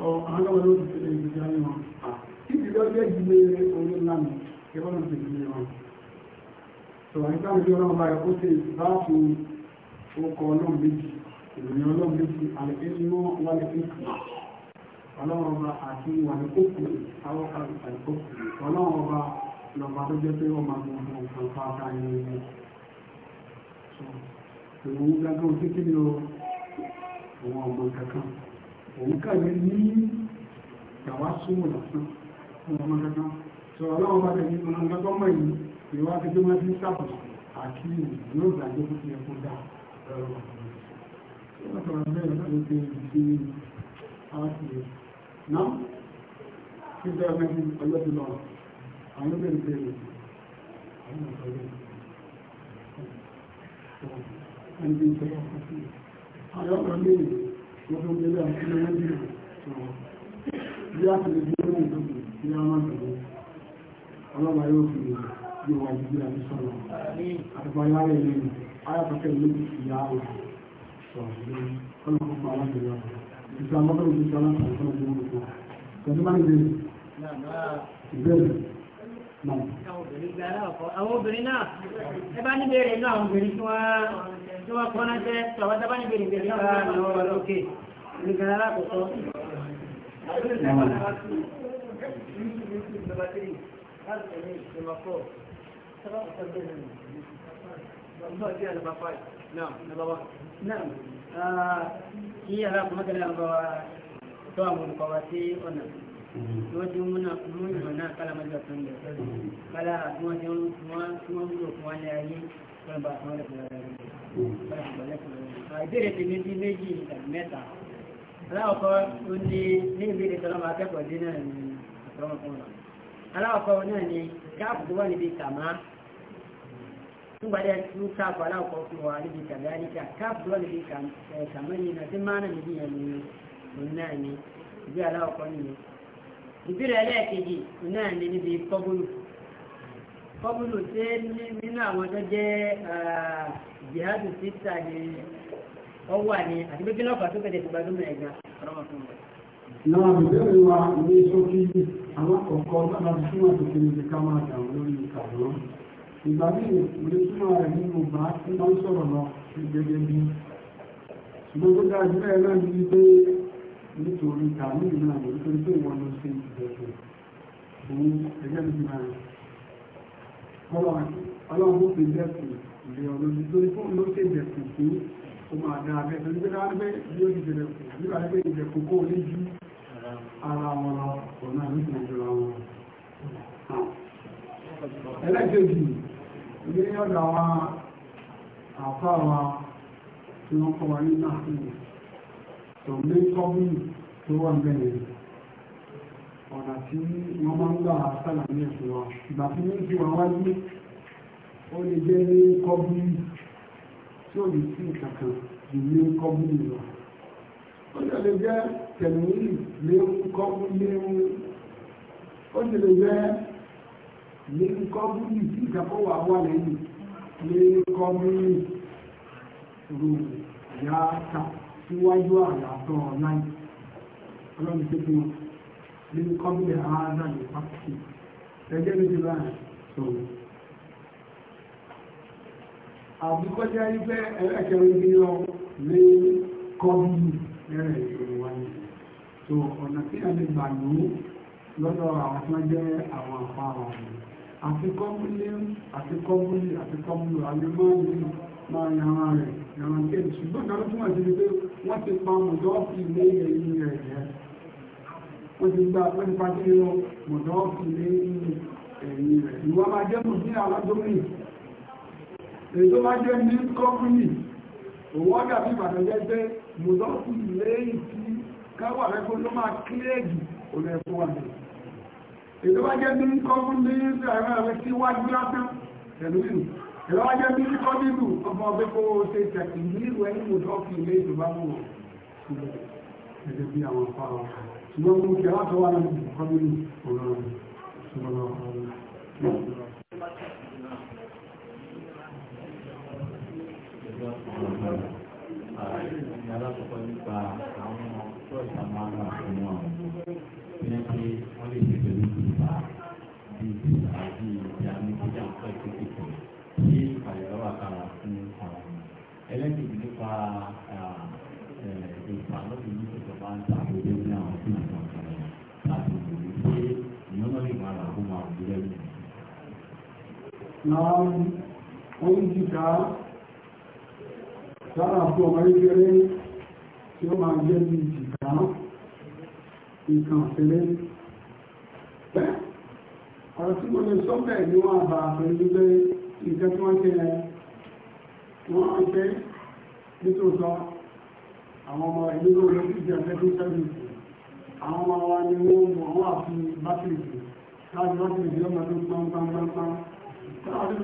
Ọkọ̀ ọlọ́run méjì, ìròyìn ọlọ́run méjì, àlẹ́kẹ́ inú wálẹ̀ ìkùnà ọlọ́run ọba àti ìwà ìkókò àwọn àgbà ìkókò ọlọ́run ọba lọ́ba tó jẹ́ pé wọ́n máa gbogbo nǹkan pátá ní ilé ìwọ̀n gbogbo òkè kí ni ó wọ́n ọmọ kankan òun kàwé ní ìyàwó súnmù lásán fún ọmọ gẹ́gẹ́ tó ọlọ́run bá tẹ̀lé ọmọ gẹ́gẹ́ mọ̀ yìí ìwà gẹ́gẹ́ wọn ti ń sàbọ̀ àti yóò gbàgbé fún ti dá ọ̀rọ̀ di àwáṣìlè náà kí bẹ́ẹ̀ mẹ́rin ọjọ́ ti lọ àwọn ọmọ ìgbẹ́rẹ̀ àwọn ọ̀rọ̀ Thank you. Ọlọ́pàá yóò fi yóò wà ìdí àti sọ́rọ̀. Àtàbà yára ilé ni, ayàtọ̀kẹ́ ilé ti fi yá wà sọ̀rọ̀ lórí ọlọ́pàá pa aláṣẹ lọ. Ìgbà mọ́tò ìgbésẹ̀ aláṣẹ ìfọ́nà tó wọ́n lọ́pàá. Kẹ̀sí máa ń gbé. Ìbẹ̀rẹ̀ ni àwọn obìnrin náà ẹbá níbi èrè inú àwọn obìnrin tí wọ́n kọ́nà jẹ́ tọ̀wọ́tọ́bá níbi èrè ìgbèrè náà lọ lókè nígbàrá lápòtọ́ Kí alákùnmọ́kẹ́lẹ́ àwọn ọ̀tọ́ àwọn olùkọ́wà sí ọ̀nà lójú múnà náà kálámọ́jọ́ tó ń lọ kálá tí wọ́n ti ń wúlò fún wọn lé ayé wọ́n bá àwọn ọ̀rẹ́ rẹ̀ ìbéèrè ti ní sí méjì tàbí mẹ́ta aláwọ̀kọ́ ó ní ní ìbéèrè tọ́lọ́mọ akẹ́kọ̀ọ́ dín náà ní àtọ́mọ̀kọ́nà aláwọ̀kọ́ náà ni káàpù tó wà níbi kàmá nígbàdé tún káàpù aláwọ̀kọ́ fún wa níbi tàbí àríkà káàpù tó wà níbi kàmá yìí náà tí máa náà níbi yẹn ní òun náà ni ìgbé aláwọ̀kọ́ ìbílẹ̀ ẹlẹ́ẹ̀kejì náà ní níbi kọ́búlù kọ́búlù tí nínú àwọn tó jẹ́ jihadu sita ni ó wà ní àti pé kí lọ́pàá tó fẹ̀dẹ̀ ìgbà tó mẹ́rin gan. Ìyáwó àbẹ̀bẹ̀rẹ̀ wa ní sókí àwọn ọ̀kọ́ láti túmọ̀ tó kiri ní ká máa dà lórí ìkàwọ́. Ìgbà míì mo lè túmọ̀ rẹ̀ nínú bá tí wọ́n sọ̀rọ̀ lọ gẹ́gẹ́ bí. Ṣùgbọ́n tó dáa jùlọ ẹ̀ náà ní pé nítorí tàbí ìrìnà àjò nítorí pé wọ́n ló ṣe ìbẹ̀rẹ̀ fún ẹgbẹ́ mi máa ọlọ́run fi bẹ̀sùn ìlẹ̀ ọlọ́run tó ní fún ló ṣe bẹ̀sùn fún ó máa dá abẹ́ tó ní pé láwọn abẹ́ bí ó ti bẹ̀rẹ̀ fún nígbà pé ìbẹ̀kùn kó ní ju ara wọn lọ ọ̀nà àmì ìjọra wọn ẹlẹ́gbẹ̀ẹ́jì ilé ọ̀dọ̀ àwọn àfáà wa tí wọ́n to make coming to one minute ọ̀nà tí wọ́n máa ń gbà sálà ní ẹ̀sùn wa ìgbà tí wọ́n ti wà wáyé ó lè jẹ́ ní kọ́bùnì tí ó lè sí ìkàkàn jù ní kọ́bùnì lọ ó lè lè jẹ́ tẹ̀lúrì léwu kọ́bùnì léwu ó lè lè jẹ́ léwu kọ́bùnì tí ìkàkọ́ wà wà lẹ́yìn léwu kọ́bùnì rò yá kàkọ́ síwájú àyàtọ̀ ọ̀láì ọlọ́run tó fún wọn nínú kọ́bílẹ̀ àádọ́ ní pàtàkì ẹgbẹ́ méjì láàrin sọ̀rọ̀ àbúkọ́já ibẹ́ ẹlẹ́kẹrin bí lọ lé kọ́bílù ẹ̀rẹ̀ ìṣòro wáyé so ọ̀nà tí a lè gbà ló lọ́dọ̀ àwọn tó jẹ́ àwọn àpá àwọn àti kọ́bílù àti kọ́bílù àti kọ́bílù àti mọ́ọ̀lù máa yàrá rẹ̀ yàrá kejì ṣùgbọ́n kan túnmọ̀ sí wípé wọ́n ti pa mọ̀dọ́ọ̀fì lé ẹ̀yìn rẹ̀ jẹ́ wọ́n ti gba wọ́n ti pàṣẹ lọ mọ̀dọ́ọ̀fì lé ẹ̀yìn rẹ̀ ìwọ́n máa jẹ́ mọ̀ sí alágbómìn èyí tó máa jẹ́ ní kọ́kúnì òwò ọ̀dà bí ìbàdànjẹ́ pé mọ̀dọ́ọ̀fì lẹ́yìn tí káwà rẹ́kọ́ ló máa kílẹ̀ jù òun ẹ̀fọ́ wà ní èyí tí wájú lásán pẹ̀lú ìrìn ẹ̀rọ ajá bí ní kọ́dínù ọmọ ọgbẹ́ kó o ṣe tẹ̀kì nílùú ẹni mò dọ́ọ̀kì ilé ìjọba mú wọn ẹgbẹ́ bí àwọn afá wọn ṣùgbọ́n mo kí aláṣọ wà nínú kọ́dínù ọ̀rọ̀ ṣùgbọ́n ọ̀rọ̀ alákọ̀ọ́kọ́ nípa àwọn ṣọ́ọ̀ṣì àmàlà fún wọn bí wọ́n lè ṣe pẹ̀lú ìgbà bíi ìgbà bíi náà oúnjìká lára fún ọmọ ìgbẹ̀rẹ̀ tí ó máa jẹ́ bí ìjìká nǹkan ọ̀fẹ́lẹ́ bẹ́ẹ̀ ọ̀rọ̀ tí mo lè sọ́bẹ̀ ní wọ́n àbà pẹ̀lú pé nǹkan tí wọ́n jẹ́ wọ́n jẹ́ nítòsọ àwọn ọmọ ìlú olóògbé ìjẹ́ ẹgbẹ́ sẹ́lẹ̀ àwọn ọmọ wa ni wọ́n mọ̀ wọ́n Nǹkan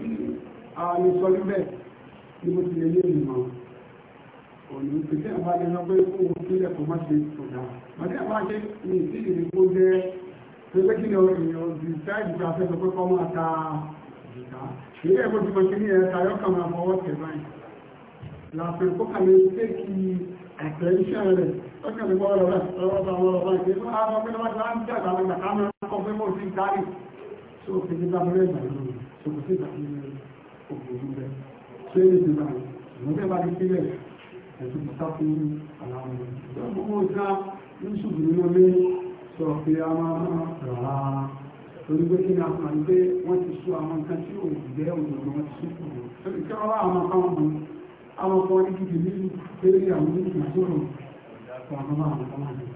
tí àwọn ìsọ níbẹ̀ ni mo ti lè lè mọ̀ òní pèsè àbájẹ́ lọ pé kó o sílẹ̀ kò má ṣe ọ̀dá. Màdé àbájẹ́ ni ìdí ìrìnkó jẹ́ pé pé kí ni ọ̀rọ̀ ìrìn ọ̀dì táìdì tó afẹ́sọ pé kọ́ máa ta ilé ẹ̀kọ́ ti mọ̀kí ní ẹ̀ta yọ́kàn máa fọwọ́ tẹ̀ báyìí láàfin kó kàlẹ̀ ṣé kí àtẹ̀lẹ́ṣẹ́ rẹ̀ lọ́kàn ní wọ́n rọ̀rọ̀ lọ́wọ́ta wọ́n rọ̀ báyìí pé wọ́n á rọ̀ pé wọ́n ti ń dàgbà àwọn ìgbàkà máa kọ́ pé mo ti ń kárì tó fi ní lábúrẹ́ ìgbà lónìí tó kò sí ìgbàkí òkòrò rẹ̀ ṣé èdè bá ìwọ́n tẹ́ bá ti sílẹ̀ ẹ̀sùn pọ̀tà fún àwọn ọmọ ìgbàgbọ́ torí pé kí ni àwọn kan pé wọ́n ti sọ àwọn nǹkan tí ò jẹ́ òdòdó wọn ti sọ fún wọn torí kí wọ́n wá àwọn kan wọn àwọn kan ní gidi nínú lórí àwọn oníṣẹ́ àtúrò fún àwọn ọmọ àwọn kan wọn.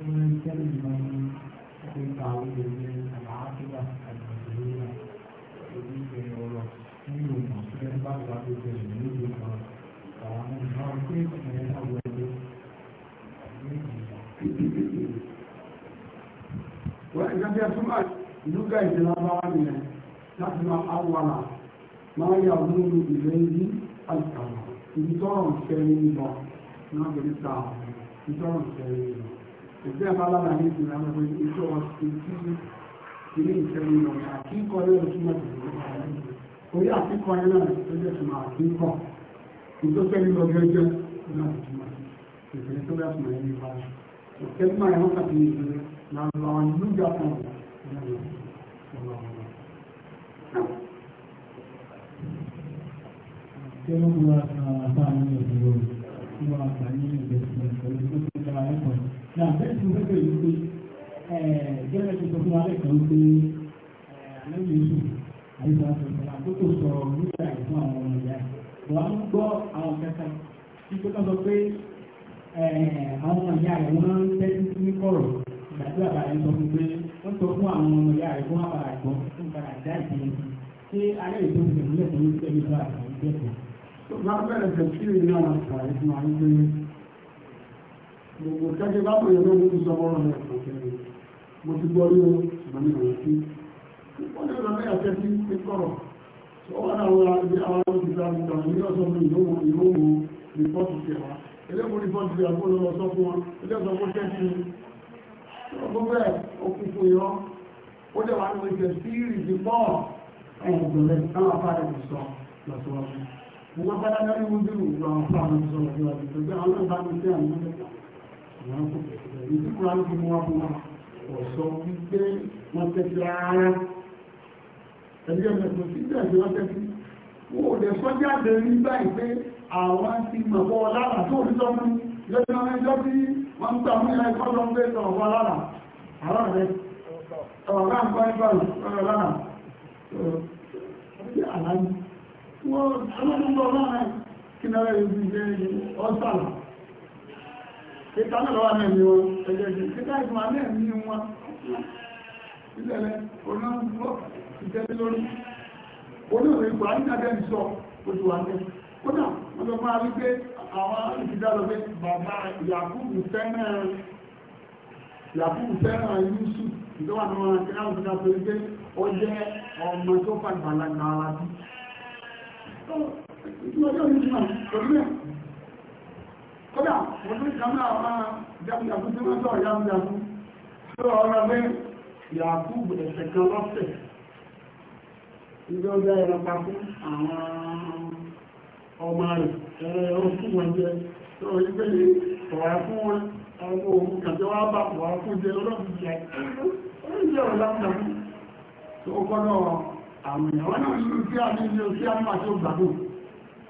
Thank nípa orí ilé àlàáfíà àgbàdúrà orí ilé ọ̀rọ̀ ní ìlú non bá wà lójú rẹ̀ nílùú kan àwọn ọmọ ọgbẹ́ ìpínlẹ̀ náà wọlé wọ́n ẹ̀gbẹ́ bí ẹtúmọ̀ lúgà ìdílábáwá nìyẹn láti máa awọ́là máa yà olóòrù ìlú ẹ̀yí àìsàn ìtọ́rọ̀ ìfẹ́ nínú lọ náà non sáà ìtọ́rọ̀ ìfẹ́ nínú lọ ẹgbẹ́ alára ní ìsinmi àwọn ọmọ iṣẹ́ ọ̀sẹ̀ tí ilé ìṣẹ́lẹ̀ ìlọ̀rẹ̀ àkíkọ́ lẹ́rọ túnmọ̀ orí àkíkọ́ ẹ̀rọ ẹgbẹ́ túnmọ̀ àkíkọ́ ìtọ́sẹ́ lílọ gẹ́gẹ́ láti túnmọ̀ ìfẹ́ tó bá túnmọ̀ ẹni bá ọ̀kẹ́ mọ́ ẹ̀rọ kàtí ìṣẹ́lẹ̀ làwọn lúgà kan Kí ló ń wá àtàwọn àtàwọn ìgbèrò? Wọ́n àtàwọn ìgbèrò pẹ̀lú tó ti dára ẹ̀kọ́ na bẹ́ẹ̀ tí mo fẹ́ bẹ̀rẹ̀ wípé gẹ́gẹ́ bí sọ́kún alẹ́ kan pé alẹ́ yìí àyíká sọ̀rọ̀ àkókò sọ̀rọ̀ nípa ìfún àwọn ọmọ ìyá wà ń gbọ́ àwọn kẹta tí tó kọ́ sọ pé àwọn ọmọ ìyá rẹ̀ wọ́n ń tẹ́tí ní kọ̀rọ̀ ìgbàdúrà bá rẹ̀ sọ fún pé wọ́n sọ fún àwọn ọmọ ìyá rẹ̀ fún àbàrà ìgbọ́n fún padà dá ìpínlẹ̀ ṣé alẹ́ yìí tó fi tẹ̀lé lẹ́sẹ̀ ní tẹ́lẹ̀ bá àgbà ìjẹ́kọ̀ọ́ gbogbo kẹ́kẹ́ bá pèyẹ ló ń sọ ọ̀rọ̀ rẹ̀ mo ti gbọ́ rí o ṣùgbọ́n mi ò rí sí ó ní ọ̀rọ̀ mẹ́yà tẹ́tí pé kọ̀rọ̀ ó wà láwọn ibi àwọn olùdíje àgbà ní ọ̀sán mi ìlówó ìlówó rìpọ́tù tẹ̀ wá eléwo rìpọ́tù tẹ̀ àgbó lọ́wọ́ sọ fún wọn ilé ọ̀sán kó tẹ́tí gbogbo ẹ̀ okùn fún yọ ó dẹ̀ wà ní oṣù sí ìrìsì pọ̀ ẹ̀yìn ìgbọ̀lẹ̀ káwọn afárẹ̀ kò sọ lọ́sọ̀ọ́sọ̀ mo máa bá dáná ní wúdúrú àwọn afárẹ̀ kò sọ lọ́sọ̀ọ́sọ̀ ìdí kúránì bí wọ́n bú ọ̀sọ̀ wípé wọ́n tẹ́tí ara ẹ̀rí ọmọ ẹ̀kọ́ sí ìgbà tí wọ́n tẹ́tí wọ́n ò lè sọ́jà bẹ̀rẹ̀ nígbà ìpé àwọn ti mọ̀pọ̀ lára tó rí lọ́mú lẹ́nu ẹjọ́ tí wọ́n ń gbà mú ilẹ̀ ẹ̀kọ́ lọ ń gbé sọ̀rọ̀ wọn lára àárọ̀ rẹ̀ ọ̀rọ̀ náà ń kọ́ ẹgbà ọ̀rọ̀ lára ọ̀rọ̀ àlàyé wọ́n alọ́dún bọ̀ lára kí náà rẹ̀ ń gbé ọ̀sàlà ṣètánà lọ́wọ́ mẹ́rin wọn ẹgbẹ́ ìṣẹ́ta ìgbà mẹ́rin wọn ìlẹ̀lẹ̀ onáwọ́ ìjẹ́bí lórí oníwẹ̀ ipò àníkàjẹ́ ìṣọ́ ojú wa jẹ́ kódà wọ́n lọ máa wípé àwọn ìfìdálọ́ pé bàbá Yakubu fẹ́ràn yúsù ìjọba àwọn akẹ́kọ̀ọ́ ìjọba tó wípé ó jẹ́ ọmọ tó fàgbàlagbà ara bí kódà mo tún kan náà máa jagunjagun tí wọ́n sọ jagunjagun tó ọ̀rọ̀ pé yàkú ẹ̀sẹ̀ kan lọ́sẹ̀ ìjọ jẹ́ ẹran pa fún àwọn ọmọ rẹ̀ ẹ̀rọ ẹ̀rọ fún wọn jẹ tó orí pé lè tọ̀wà fún wọn ọmọ òun kàtẹ́ wá bá wà fún jẹ lọ́dún jẹ oúnjẹ ọ̀la jagun tó kọ́ náà àwọn èèyàn náà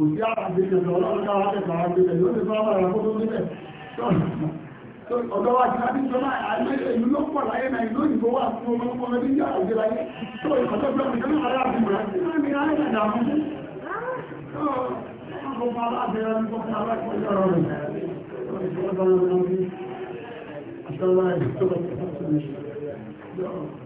kò sí àpàdékẹ̀ẹ́ ọlọ́run káwàá tẹ̀sán àgbẹ̀rẹ̀ yóò lè fọ́nà àwọn akọ́tọ́ nílẹ̀ ọ̀dọ́ wa ti láti sọ́lá ìlú ló pọ̀ láyé náà ìlú òyìnbó wà fún ọmọ ọmọ ẹbí yà àgbé láyé tó ìkọ̀tọ́ pẹ̀lú ìjọba àrẹ àbúrò àti láàmì àrẹ ìdàmú ọmọ aláàbẹ̀rẹ̀ ní kọ́kọ́ aláàkọ́jọ́ rọrùn ìjọba ọmọ ọmọ ọmọ